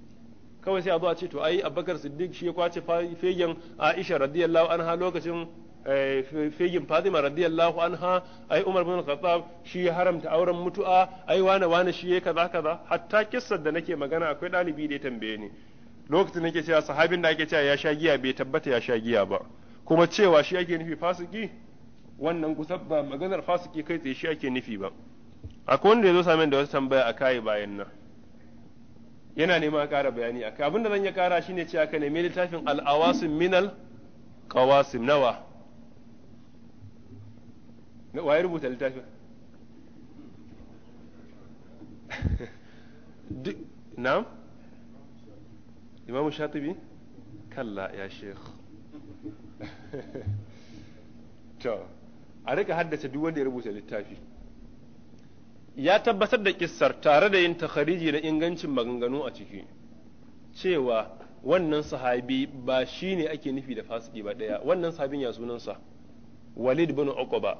kawai sai a zo a ce to ai abubakar siddiq shi ya kwace fegen aisha radiyallahu anha lokacin eh, fegen fatima radiyallahu anha ai umar bin khattab shi ya haramta auren mutu'a ai wane wane shi ya kaza kaza hatta kissar da nake magana akwai dalibi da ya tambaye ni lokacin nake cewa sahabin da ake cewa ya sha giya bai tabbata ya sha giya ba kuma cewa shi ake nufi fasiki wannan kusan ba maganar fasiki kai tsaye shi ake nufi ba akwai wanda ya zo samin da wasu tambaya a kai bayan nan yana neman ƙara bayani a abin da zan yi ƙara shine ce aka nemi littafin al'awasin minal kawasim nawa wa ya rubuta littafin *laughs* na'am Imamu shatibi kalla ya sheikh *laughs* to a rika haddace duk wanda ya rubuta littafi ya tabbatar da kissar tare da yin takhariji da ingancin maganganu a ciki cewa wannan sahabi ba shi ne ake nufi da fasiki ba ɗaya wannan sahabin ya sunansa walid bin uqba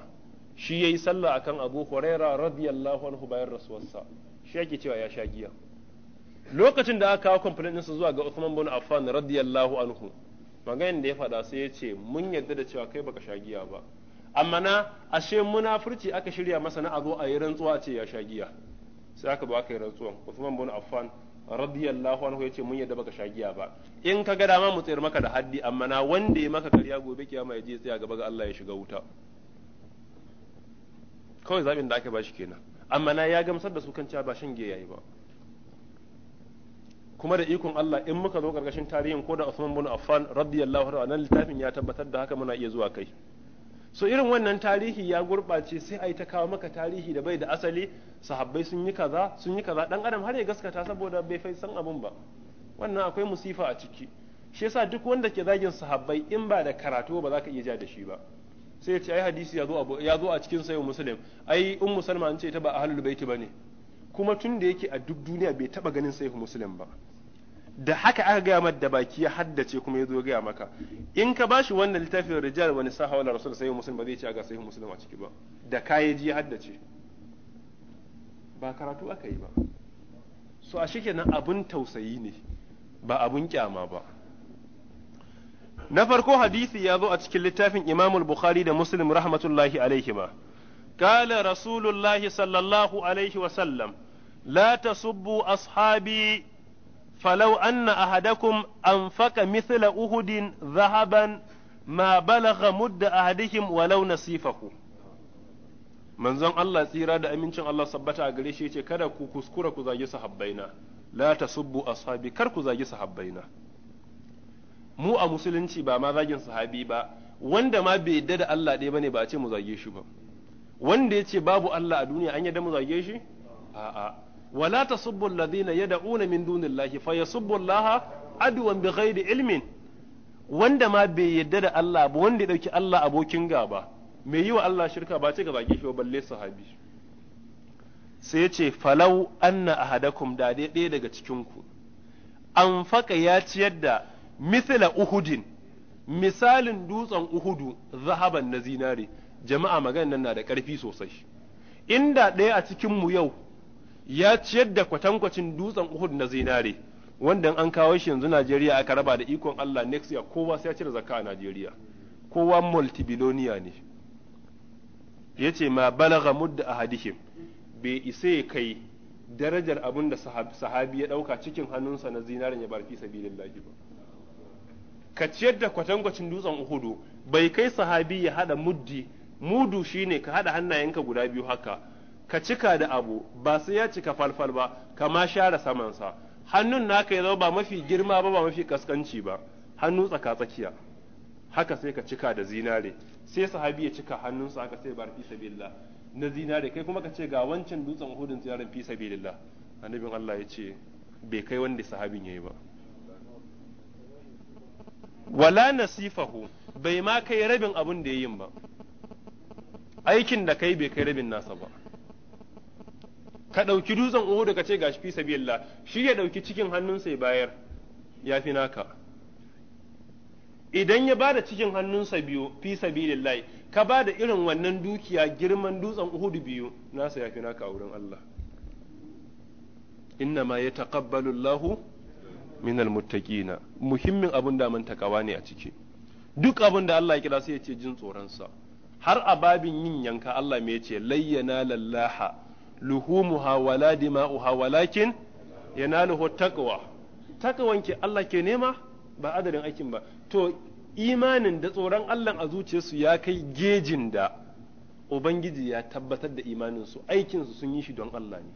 shi yayi sallah akan abu huraira radiyallahu anhu bayan rasuwarsa shi yake cewa ya sha giya lokacin da aka kawo complaint ɗinsa zuwa ga Uthman bin Affan radiyallahu anhu maganin da ya faɗa sai ya ce mun yarda da cewa kai baka sha giya ba amma na ashe munafurci aka shirya masa na azo a yi rantsuwa ce ya sha giya sai aka ba ka yi rantsuwan Usman bin Affan radiyallahu anhu yace mun yadda baka sha giya ba in ka ga dama mu tsayar maka da haddi amma na wanda ya maka karya gobe kiyama ya je tsaya gaba ga Allah ya shiga wuta kawai zabin da aka bashi kenan amma na ya gamsar da su kan cewa ba shan giya yayi ba kuma da ikon Allah in muka zo karkashin tarihin ko da Usman bin Affan radiyallahu anhu nan littafin ya tabbatar da haka muna iya zuwa kai so irin wannan tarihi ya gurɓace sai a yi ta kawo maka tarihi da bai da asali sahabbai sun yi kaza sun yi kaza dan adam har ya gaskata saboda bai fai san abun ba wannan akwai musifa a ciki shi yasa duk wanda ke zagin sahabbai in ba da karatu ba za ka iya ja da shi ba sai ya ce ai hadisi ya zo ya zo a cikin sayyid muslim ai um musulma an ce ta ba ahlul baiti bane kuma tun da yake a duk duniya bai taba ganin sayyid muslim ba da haka aka gaya mata da baki ya haddace kuma ya zo gaya maka in ka bashi wannan littafin rijal wani sa hawala rasul sai muslim ba zai ce ga sai muslim a ciki ba da kaye ji haddace ba karatu aka yi ba so a shike nan abun tausayi ne ba abun kyama ba na farko hadisi ya zo a cikin littafin imamul bukhari da muslim rahmatullahi alaihi ma قال رسول الله صلى الله عليه وسلم لا تسبوا أصحابي falau anna أحدكم anfaka مثل uhudin zahaban ما بلغ مد أحدهم ولو نصيفه manzon Allah tsira da amincin Allah sabbata a gare shi yace kada ku kuskura ku zagi sahabbaina la tasubbu ashabi kar ku zagi sahabbaina mu a musulunci ba ma zagin sahabi ba wanda ma bai yadda da Allah ɗaya bane ba a ce mu zage shi ba wanda yace babu Allah a duniya an yadda mu zage shi a'a wala tasubbu ya yad'una min dunillahi fa yasubbu allaha adwan ilmin wanda ma bai yadda da Allah ba wanda ya dauki Allah abokin gaba mai yi wa Allah shirka ba ce ga baki shi balle sahabi sai ce falau anna ahadakum da dai ɗaya daga cikin ku an faka ya ciyar da mithla uhudin misalin dutsen uhudu zahaban na zinare jama'a magana nan na da ƙarfi sosai inda ɗaya a cikin mu yau ya ciyar da kwatankwacin dutsen Uhud na zinare wanda an kawo shi yanzu Najeriya aka raba da ikon Allah next year kowa sai ya cire zakka a Najeriya kowa multibiloniya ne yace ma balagha mudda ahadihim bai isa ya kai darajar abin da sahabi ya dauka cikin hannunsa na zinarin ya bar fi sabilillahi ba ka ciyar da kwatankwacin dutsen Uhudu bai kai sahabi ya hada muddi mudu shine ka hada hannayenka guda biyu haka ka cika da abu ba sai ya cika falfal ba kama share samansa hannun naka ya zama ba mafi girma ba ba mafi kaskanci ba hannu tsaka tsakiya haka sai ka cika da zinare sai sahabi ya cika hannunsa haka sai bar fi sabilillah na zinare kai kuma ka ce ga wancan dutsen hudun ziyarar fi sabilillah annabin Allah ya ce bai kai wanda sahabin yayi ba wala nasifahu bai ma kai rabin abun da yayin ba aikin da kai bai kai rabin nasa ba ka ɗauki dutsen Uhud ka ce gashi fi sabilillah shi ya ɗauki cikin hannunsa ya bayar ya fi naka idan ya bada cikin hannunsa biyu fi sabilillah ka bada irin wannan dukiya girman dutsen Uhud biyu nasa ya fi naka a wurin Allah inna ma ya yataqabbalu Allahu al muttaqina muhimmin abun da mun takawa ne a ciki duk abun da Allah ya kira sai ya ce jin tsoronsa har a babin yin yanka Allah me ya ce layyana lallaha luhumuha wala dima'uha walakin yanaluhu taqwa taqwanki Allah ke nema ba adadin aikin ba to imanin da tsoron Allah a zuciyarsu ya kai gejin da ubangiji ya tabbatar da imanin su aikin su sun yi shi don Allah ne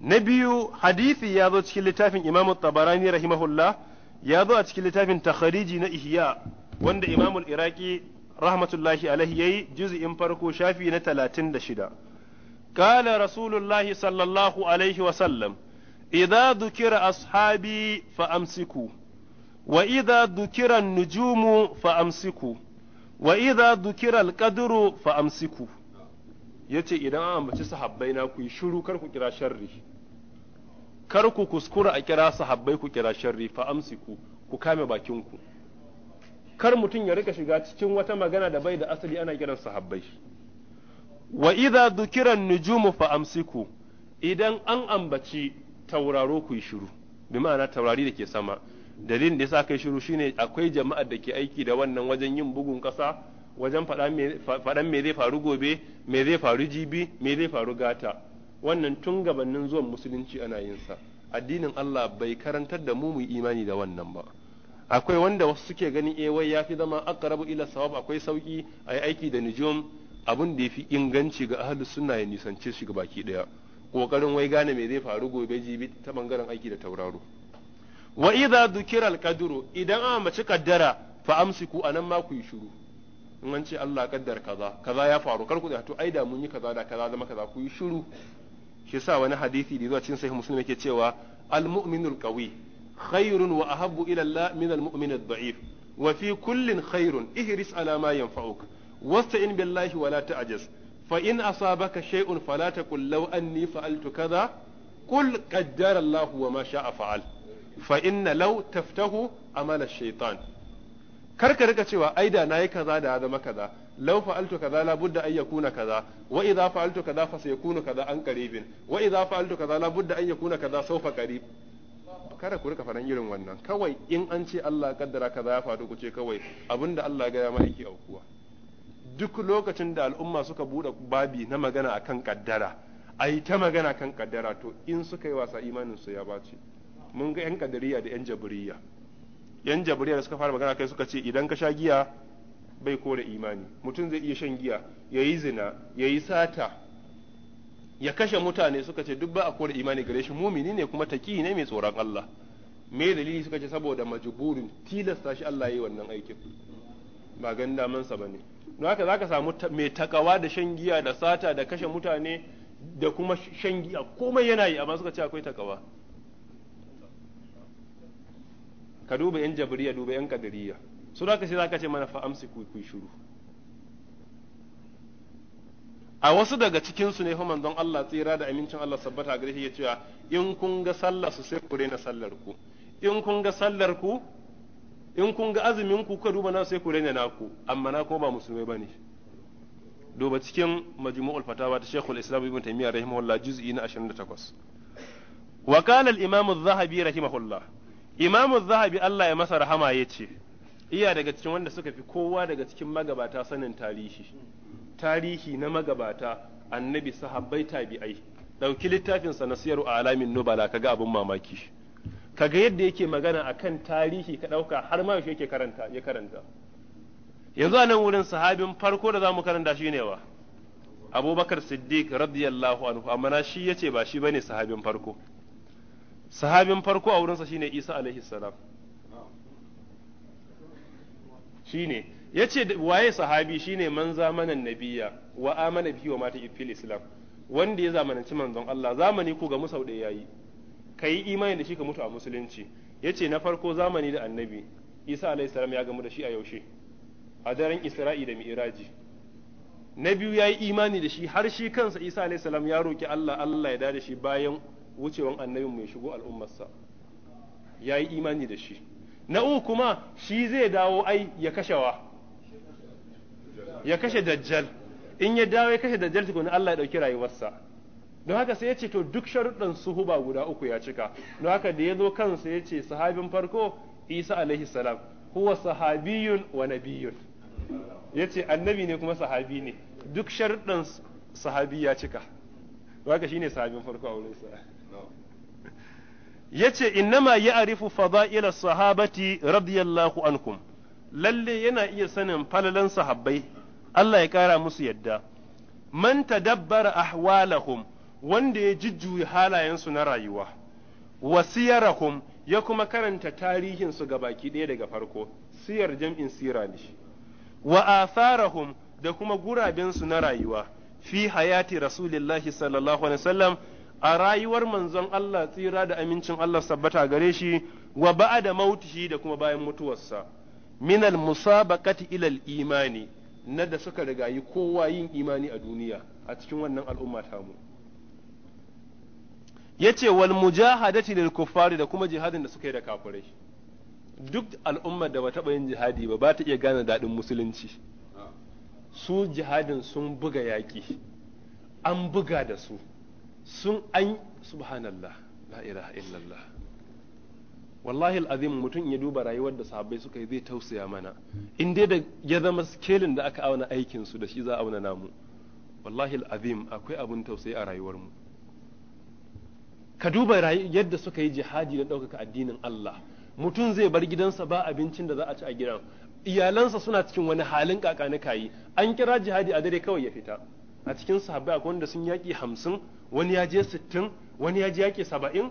na biyu hadisi ya zo cikin littafin imamu Tabarani rahimahullah ya zo a cikin littafin takhariji na Ihya wanda imamul Iraki rahmatullahi alaihi yayi juz'in farko shafi na talatin da shida kala rasulullahi sallallahu alaihi wa sallam idza dhukira ashabi fa amsiku wa idza dhukira nujumu fa amsiku wa idza dhukira alqadru fa amsiku yace idan an ambaci sahabbai na ku yi shiru kar ku kira sharri kar ku kuskura a kira sahabai ku kira sharri fa amsiku ku kame bakin ku kar mutum ya rika shiga cikin wata magana da bai da asali ana kiran sahabbai wa idza dhukira nujumu fa amsiku idan an ambaci tauraro ku shiru bi ma'ana taurari da ke sama dalilin da yasa kai shiru shine akwai jama'ar da ke aiki da wannan wajen yin bugun kasa wajen faɗan me zai faru gobe me zai faru jibi me zai faru gata wannan tun gabanin zuwan musulunci ana yin sa addinin Allah bai karantar da mu mu imani da wannan ba akwai wanda wasu suke gani eh wai yafi zama aqrabu ila sawab akwai sauki ayi aiki da nujum abin da yafi inganci ga ahlus sunna ya nisance shi ga baki daya kokarin wai gane me zai faru gobe jibi ta bangaren aiki da tauraro wa idza dhukira al idan an mace kaddara fa amsiku anan ma ku yi shiru in an ce Allah kaddar kaza kaza ya faru kar ku da to ai da mun yi kaza da kaza zama kaza ku yi shiru shi yasa wani hadisi da zuwa cikin sahih muslim yake cewa al-mu'minul qawi khairun wa a habbu Allah min al-mu'min ad-da'if kullin khairun ihris alama ma yanfa'uk wasta'in billahi wa la ta'jaz fa in asabaka shay'un fala taqul law anni fa'altu kadha qul qaddara Allah wa ma sha'a fa'al fa inna taftahu karka rika cewa ai da nayi kaza da ya zama kaza law fa'altu kaza la budda an yakuna kaza wa idza fa'altu kaza fa sayakunu kaza an qaribin wa idza fa'altu kaza la budda an yakuna kaza sawfa qarib kada ku rika faɗan irin wannan kawai in an ce Allah kaddara kaza ya faru ku ce kawai abinda Allah gaya ya ma yake aukuwa duk lokacin da al'umma suka bude babi na magana akan kaddara ai ta magana kan kaddara to in suka yi wasa imanin su ya bace mun ga yan kadariya da yan jabriya yan jabriya suka fara magana kai suka ce idan ka sha giya bai kore imani mutum zai iya shan giya yayi zina yayi sata ya kashe mutane suka ce duk ba a kore imani gare shi mumini ne kuma taki ne mai tsoron Allah me dalili suka ce saboda majburin tilasta shi Allah yi wannan aikin ba gan damansa ne don haka ka samu mai takawa da shan giya da sata da kashe mutane da kuma shan giya komai yana yi amma suka ce akwai takawa ka duba yan jabriya duba yan kadiriya su zaka sai ka ce mana fa amsi ku shiru a wasu daga cikin su ne fa manzon Allah tsira da amincin Allah sabbata gare shi ya cewa in kun ga sallah su sai ku rena sallar ku in kun ga sallar ku in kun ga azumin ku ka duba na sai ku rena naku amma na ko ba musulmai bane duba cikin majmu'ul fatawa ta Sheikhul Islam Ibn Taymiyyah rahimahullah juz'i na 28 wa qala al-Imam adh-Dhahabi rahimahullah Imam adh-Dhahabi Allah ya masa rahama yace iya daga cikin wanda suka fi kowa daga cikin magabata sanin tarihi tarihi na magabata annabi sahabbai tabi'ai ɗauki littafinsa na siyar alamin nubala kaga abin mamaki kaga yadda yake magana akan tarihi ka ɗauka har ma yaushe yake karanta ya karanta yanzu a nan wurin sahabin farko da zamu karanta shi ne wa abubakar siddiq radiyallahu anhu amma na shi yace ba shi bane sahabin farko sahabin farko a wurinsa shine isa alaihi salam shine yace waye sahabi shine man zamanan nabiyya wa amana bihi wa mata fil islam wanda ya zamananci manzon Allah zamani ko ga musau da yayi kai imani da shi ka mutu a musulunci yace na farko zamani da annabi Isa alayhi salam ya gamu da shi a yaushe a daren Isra'i da Mi'raji na biyu ya yi imani da shi har shi kansa Isa alayhi salam ya roki Allah Allah ya da shi bayan wucewan annabin mai shigo al'ummarsa ya yi imani da shi na uku kuma shi zai dawo ai ya kashewa ya kashe dajjal in ya dawo ya kashe dajjal tukuni Allah ya dauki rayuwarsa don haka sai ya ce to duk sharuɗan suhuba guda uku ya cika don haka da ya zo kansa ya ce sahabin farko Isa alaihi salam huwa sahabiyun wa nabiyun ya ce annabi ne kuma sahabi ne duk sharuɗan sahabi ya cika don haka shine sahabin farko a wurin sa'a yace innama ya'rifu fada'ila sahabati radiyallahu ankum lalle yana iya sanin falalan sahabbai Allah ya kara musu yadda man tadabbara ahwalahum wanda ya jujjuyi halayensu na rayuwa wasiyarahum ya kuma karanta tarihinsu ga baki ɗaya daga farko siyar jam'in sira ne wa atharahum da kuma gurabensu na rayuwa fi hayati rasulillahi sallallahu alaihi wasallam a rayuwar manzon Allah tsira da amincin Allah sabbata gare shi wa ba'da mautihi da kuma bayan mutuwarsa minal musabaqati ilal imani na da suka riga yi kowa yin imani a duniya a cikin wannan al'umma tamu yace wal mujahadati lil kuffari da kuma jihadin da suka yi da kafirai duk al'ummar da ba taɓa yin jihadi ba ba ta iya gane daɗin musulunci su jihadin sun buga yaƙi an buga da su sun an subhanallah la ilaha illallah wallahi al'azim mutum ya duba rayuwar da sahabbai suka yi zai tausaya mana in dai da ya zama skelin da aka auna aikinsu da shi za a auna namu wallahi al'azim akwai abun tausayi a rayuwar mu ka duba yadda suka yi jihadi da ɗaukaka addinin Allah mutum zai bar gidansa ba abincin da za a ci a gidan iyalansa suna cikin wani halin na kayi an kira jihadi a dare kawai ya fita a cikin sahabbai akwai wanda sun yaki hamsin wani ya je sittin wani ya je yaƙi saba'in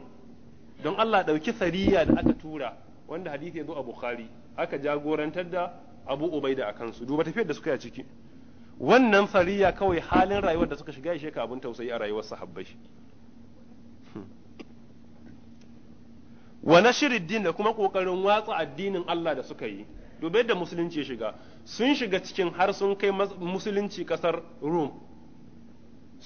don Allah ɗauki sariya da aka tura wanda hadisi ya zo a Bukhari aka jagorantar da Abu Ubaida a kansu duba tafiyar da suka yi a ciki wannan sariya kawai halin rayuwar da suka shiga ishe ka abin tausayi a rayuwar sahabbai wa nashirin din da kuma kokarin watsa addinin Allah da suka yi dubai da musulunci ya shiga sun shiga cikin har sun kai musulunci kasar Rome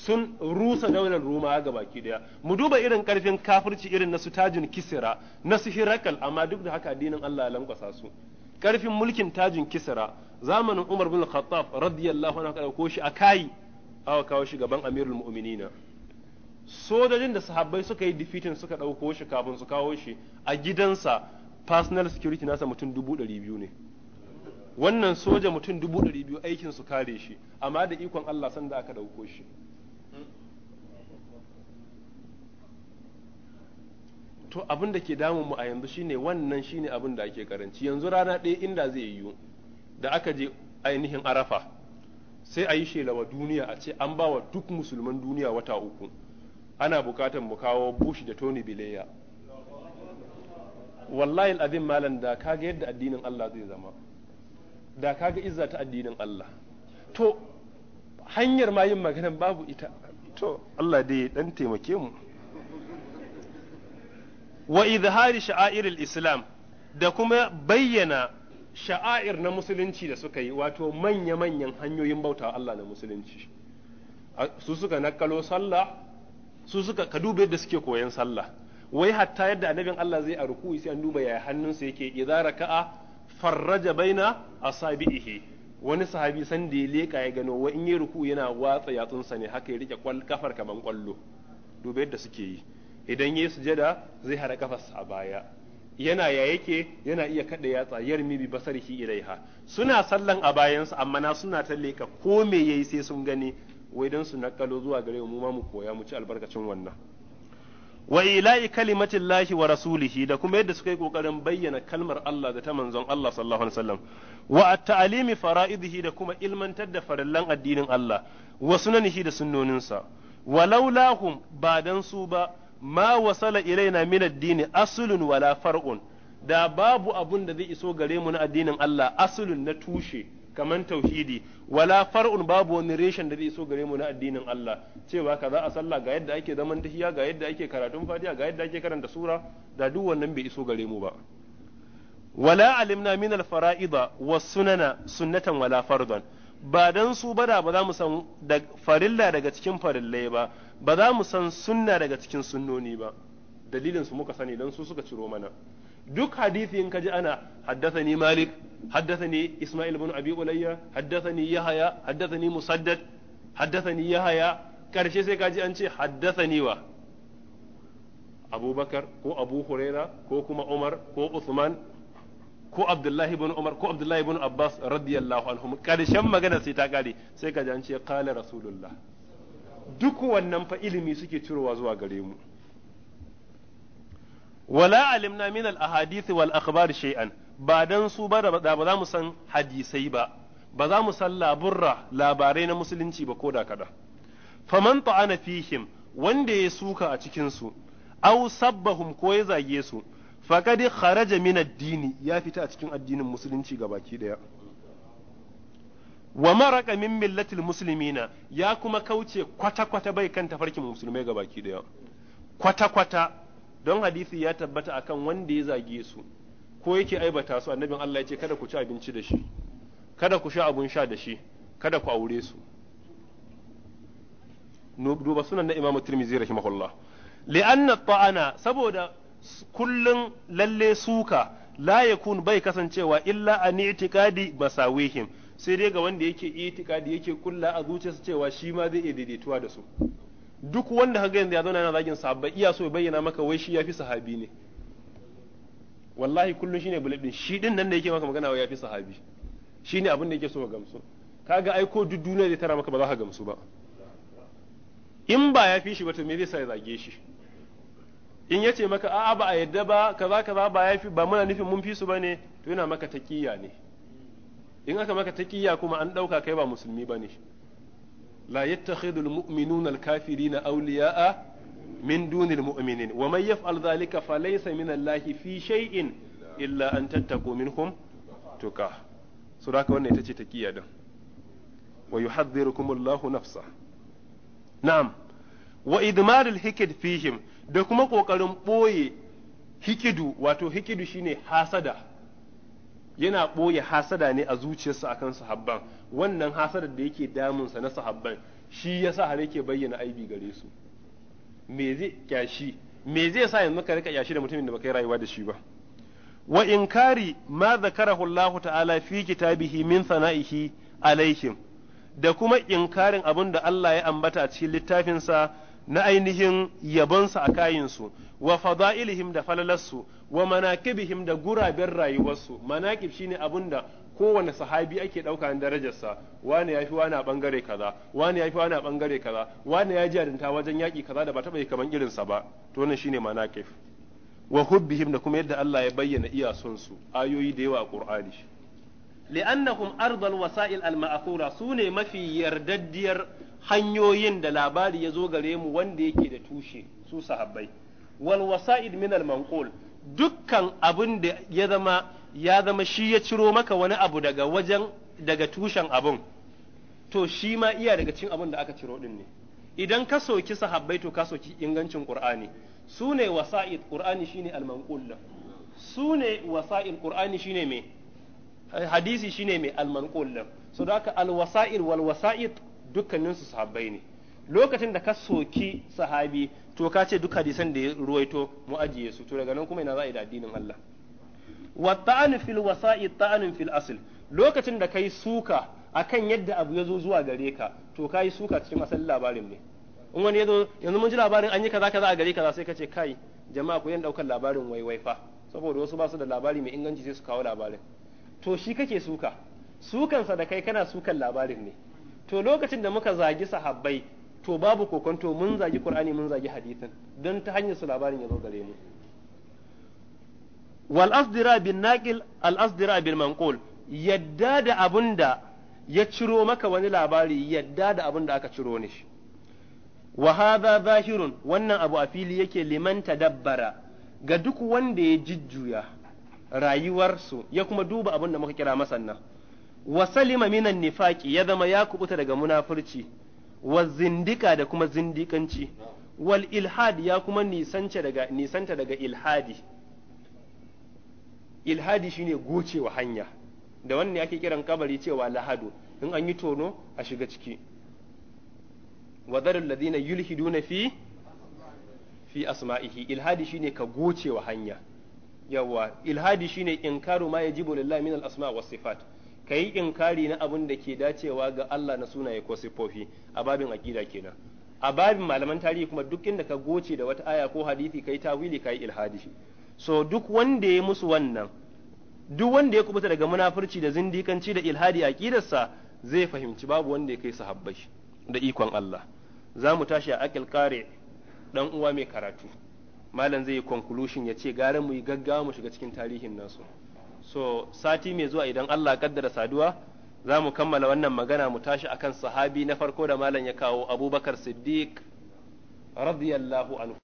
sun rusa daular Roma ga baki daya mu duba irin karfin kafirci irin na su tajin kisira na su hirakal amma duk da haka addinin Allah ya lankwasa su karfin mulkin tajin kisira zamanin Umar bin Khattab radiyallahu anhu ko shi a kai awa kawo shi gaban Amirul Mu'minina sojojin da sahabbai suka yi defeating suka ɗauko shi kafin su kawo shi a gidansa personal security nasa mutum dubu biyu ne wannan soja mutum dubu biyu aikin su kare shi amma da ikon Allah sanda aka ɗauko shi to abin da ke damun mu a yanzu shine wannan shine abin da ake karanci yanzu rana ɗaya inda zai yiwu da aka je ainihin arafa sai a yi shela wa duniya a ce an bawa duk musulman duniya wata uku ana bukatar mu kawo bushi da toni bileya wallahi al'azim malam da kaga yadda addinin Allah zai zama da kaga izza ta addinin Allah to hanyar ma yin maganan babu ita to Allah dai dan taimake mu wa izhari sha'airil islam da kuma bayyana sha'air na musulunci da suka yi wato manya-manyan hanyoyin bauta Allah na musulunci su suka nakalo sallah su suka ka duba yadda suke koyan sallah wai hatta yadda annabin Allah zai a ruku'i sai an duba yaya hannunsa yake idza raka'a farraja baina asabihi wani sahabi san da ya leka ya gano wa in yi ruku yana watsa yatsunsa ne haka ya rike kafar kaman kwallo duba yadda suke yi idan yayi sujada zai hada kafarsa a baya yana ya yake yana iya kada yatsa yarmi bi basarihi ilaiha suna sallan a bayansa amma na suna ta leka ko me yayi sai sun gani wai dan su nakalo zuwa gare mu ma mu koya mu ci albarkacin wannan wa ila'i kalimatin lahi wa rasulihi da kuma yadda suka yi kokarin bayyana kalmar Allah da ta manzon Allah sallallahu alaihi wasallam wa at-ta'limi fara'idihi da kuma ilmantar da farallan addinin Allah wa sunanihi da sunnoninsa wa laulahum ba dan su ba ma wasala ilaina min addini aslun wala far'un da babu abun da zai iso gare mu na addinin Allah aslun na tushe kaman tauhidi wala far'un babu wani reshen da zai iso gare mu na addinin Allah cewa kaza a sallah ga yadda ake zaman tahiya ga yadda ake karatun fatiha ga yadda ake karanta sura da duk wannan bai iso gare mu ba wala alimna min al-fara'ida was sunana sunnatan wala fardan ba dan su bada ba za mu san farilla daga cikin farillai ba ba za mu san sunna daga cikin sunnoni ba dalilin su muka sani don su suka ciro mana duk hadisi in kaji ana haddathani malik haddathani isma'il ibn abi ulayya haddathani yahya haddathani musaddad haddathani yahya karshe sai kaji an ce haddathani wa abubakar ko abu huraira ko kuma umar ko usman ko abdullahi ibn umar ko abdullahi ibn abbas radiyallahu anhum karshen magana sai ta kare sai kaji an ce qala rasulullah duk wannan fa ilimi suke cirowa zuwa gare mu wala alimna min al ahadith wal akhbar shay'an ba dan su ba da ba za mu san hadisai ba ba za mu san laburra labarai na musulunci ba ko da kada faman ta'ana fihim wanda ya suka a cikin su aw sabbahum ko ya zage su faqad kharaja min ad din ya fita a cikin addinin musulunci gabaki daya wa maraka min millatil muslimina ya kuma kauce kwata-kwata bai kan tafarkin musulmai ga baki daya kwata-kwata don hadisi ya tabbata akan wanda ya zage su ko yake aibata su annabin Allah ya ce kada ku ci abinci da shi kada ku sha abun sha da shi kada ku aure su duba sunan na imamu tirmizi rahimahullah li'anna ta'ana saboda kullun lalle suka la yakun bai kasancewa illa an i'tiqadi basawihim sai dai ga wanda yake itika da yake kulla a zuciyarsa cewa shi ma zai iya daidaituwa da su duk wanda kaga yanzu ya zauna yana zagin sahabbai iya so ya bayyana maka wai shi yafi sahabi ne wallahi kullun shine bulletin shi din nan da yake maka magana wai yafi sahabi shine abin da yake so ka gamsu kaga ai ko duk duniya zai tara maka ba za ka gamsu ba in ba ya fi shi ba to me zai sa ya zage shi in yace maka a'a ba a yadda ba kaza kaza ba ya fi ba muna nufin mun fi su bane to yana maka taqiya ne in aka maka taqiya kuma an dauka kai ba musulmi bane la yattakhidul mu'minuna al-kafirina awliya'a min dunil mu'minin wa man yaf'al dhalika falaysa min Allahi fi shay'in illa an tattaqu minhum tuka so da wannan ita ce din wa yuhadhdhirukum Allahu nafsa na'am wa idmarul hikid fihim da kuma kokarin boye hikidu wato hikidu shine hasada yana ɓoye hasada ne a zuciyarsa akan sahabban wannan hasadar da yake damunsa na sahabban shi ya sa har yake bayyana aibi gare su me zai kyashi me zai sa yanzu ka rika kyashi da mutumin da baka yi rayuwa da shi ba wa inkari ma zakarahu Allah ta'ala fi kitabihi min sana'ihi alaihim da kuma inkarin abin da Allah ya ambata a cikin littafinsa na ainihin yabonsu a kayinsu wa fada'ilihim da falalarsu wa manakibihim da guraben rayuwarsu manakib shine abin da kowane sahabi ake ɗauka na darajarsa wani ya fi wani a ɓangare kaza wani ya fi wani a ɓangare kaza wani ya jarinta wajen yaki kaza da ba taɓa yi kaman irinsa ba to wannan shine manakif wa hubbihim da kuma yadda Allah ya bayyana iyasunsu ayoyi da yawa a Qur'ani li'annahum ardal wasa'il al-ma'thura sune mafi yardaddiyar hanyoyin da labari ya zo gare mu wanda yake da tushe su sahabbai wal wasa'id min al manqul dukkan abin da ya zama ya zama shi ya ciro maka wani abu daga wajen daga tushen abun to shi ma iya daga cikin abin da aka ciro din ne idan ka soki sahabbai to ka soki ingancin qur'ani su ne wasa'id qur'ani shine al manqul su ne wasa'il qur'ani shine me hadisi shine mai al manqul so da haka al wasa'il wal wasa'id dukkanin su sahabbai ne lokacin da ka soki sahabi to ka ce duk hadisan da ya ruwaito mu ajiye su to daga nan kuma ina za a yi da addinin Allah wa ta'anu fil wasa'i ta'anun fil asl lokacin da kai suka akan yadda abu ya zo zuwa gare ka to kai suka cikin asalin labarin ne in wani ya yanzu mun ji labarin an yi kaza kaza a gare ka sai ka ce kai jama'a ku yin daukar labarin waiwai fa saboda wasu ba su da labari mai inganci sai su kawo labarin to shi kake suka sukansa da kai kana sukan labarin ne to lokacin da muka zagi sahabbai to babu kokonto mun zagi qur'ani mun zagi hadithin don ta hanyar su labarin ya zo gare mu wal asdira bin naqil al asdira bil manqul yadda da abunda ya ciro maka wani labari yadda da abunda aka ciro ne shi wa hadha zahirun wannan abu a fili yake liman tadabbara ga duk wanda ya jijjuya rayuwarsu ya kuma duba abin da muka kira masannan wa salima minan nifaki ya zama ya kubuta daga munafurci wa zindika da kuma zindikanci wal ilhad ya kuma nisanta daga nisanta daga ilhadi ilhadi shine gocewa hanya da wannan ake kiran kabari cewa lahadu in an yi tono a shiga ciki wa dharul ladina yulhiduna fi fi asma'ihi ilhadi shine ka gocewa hanya yawa ilhadi shine inkaru ma yajibu lillahi min al asma' was sifat ka yi inkari na abin da ke dacewa ga Allah na sunaye ko siffofi a babin aqida kenan a babin malaman tarihi kuma duk inda ka goce da wata aya ko hadisi kai tawili kai ilhadi so duk wanda ya musu wannan duk wanda ya kubuta daga munafurci da zindikanci da ilhadi aqidarsa zai fahimci babu wanda ya kai su sahabbai da ikon Allah za mu tashi a akil kare dan uwa mai karatu malam zai yi conclusion ya ce gara mu yi gaggawa mu shiga cikin tarihin nasu so sati mai zuwa idan Allah kaddara saduwa za mu kammala wannan magana mu tashi akan sahabi na farko da malam ya kawo abubakar siddiq radiyallahu anhu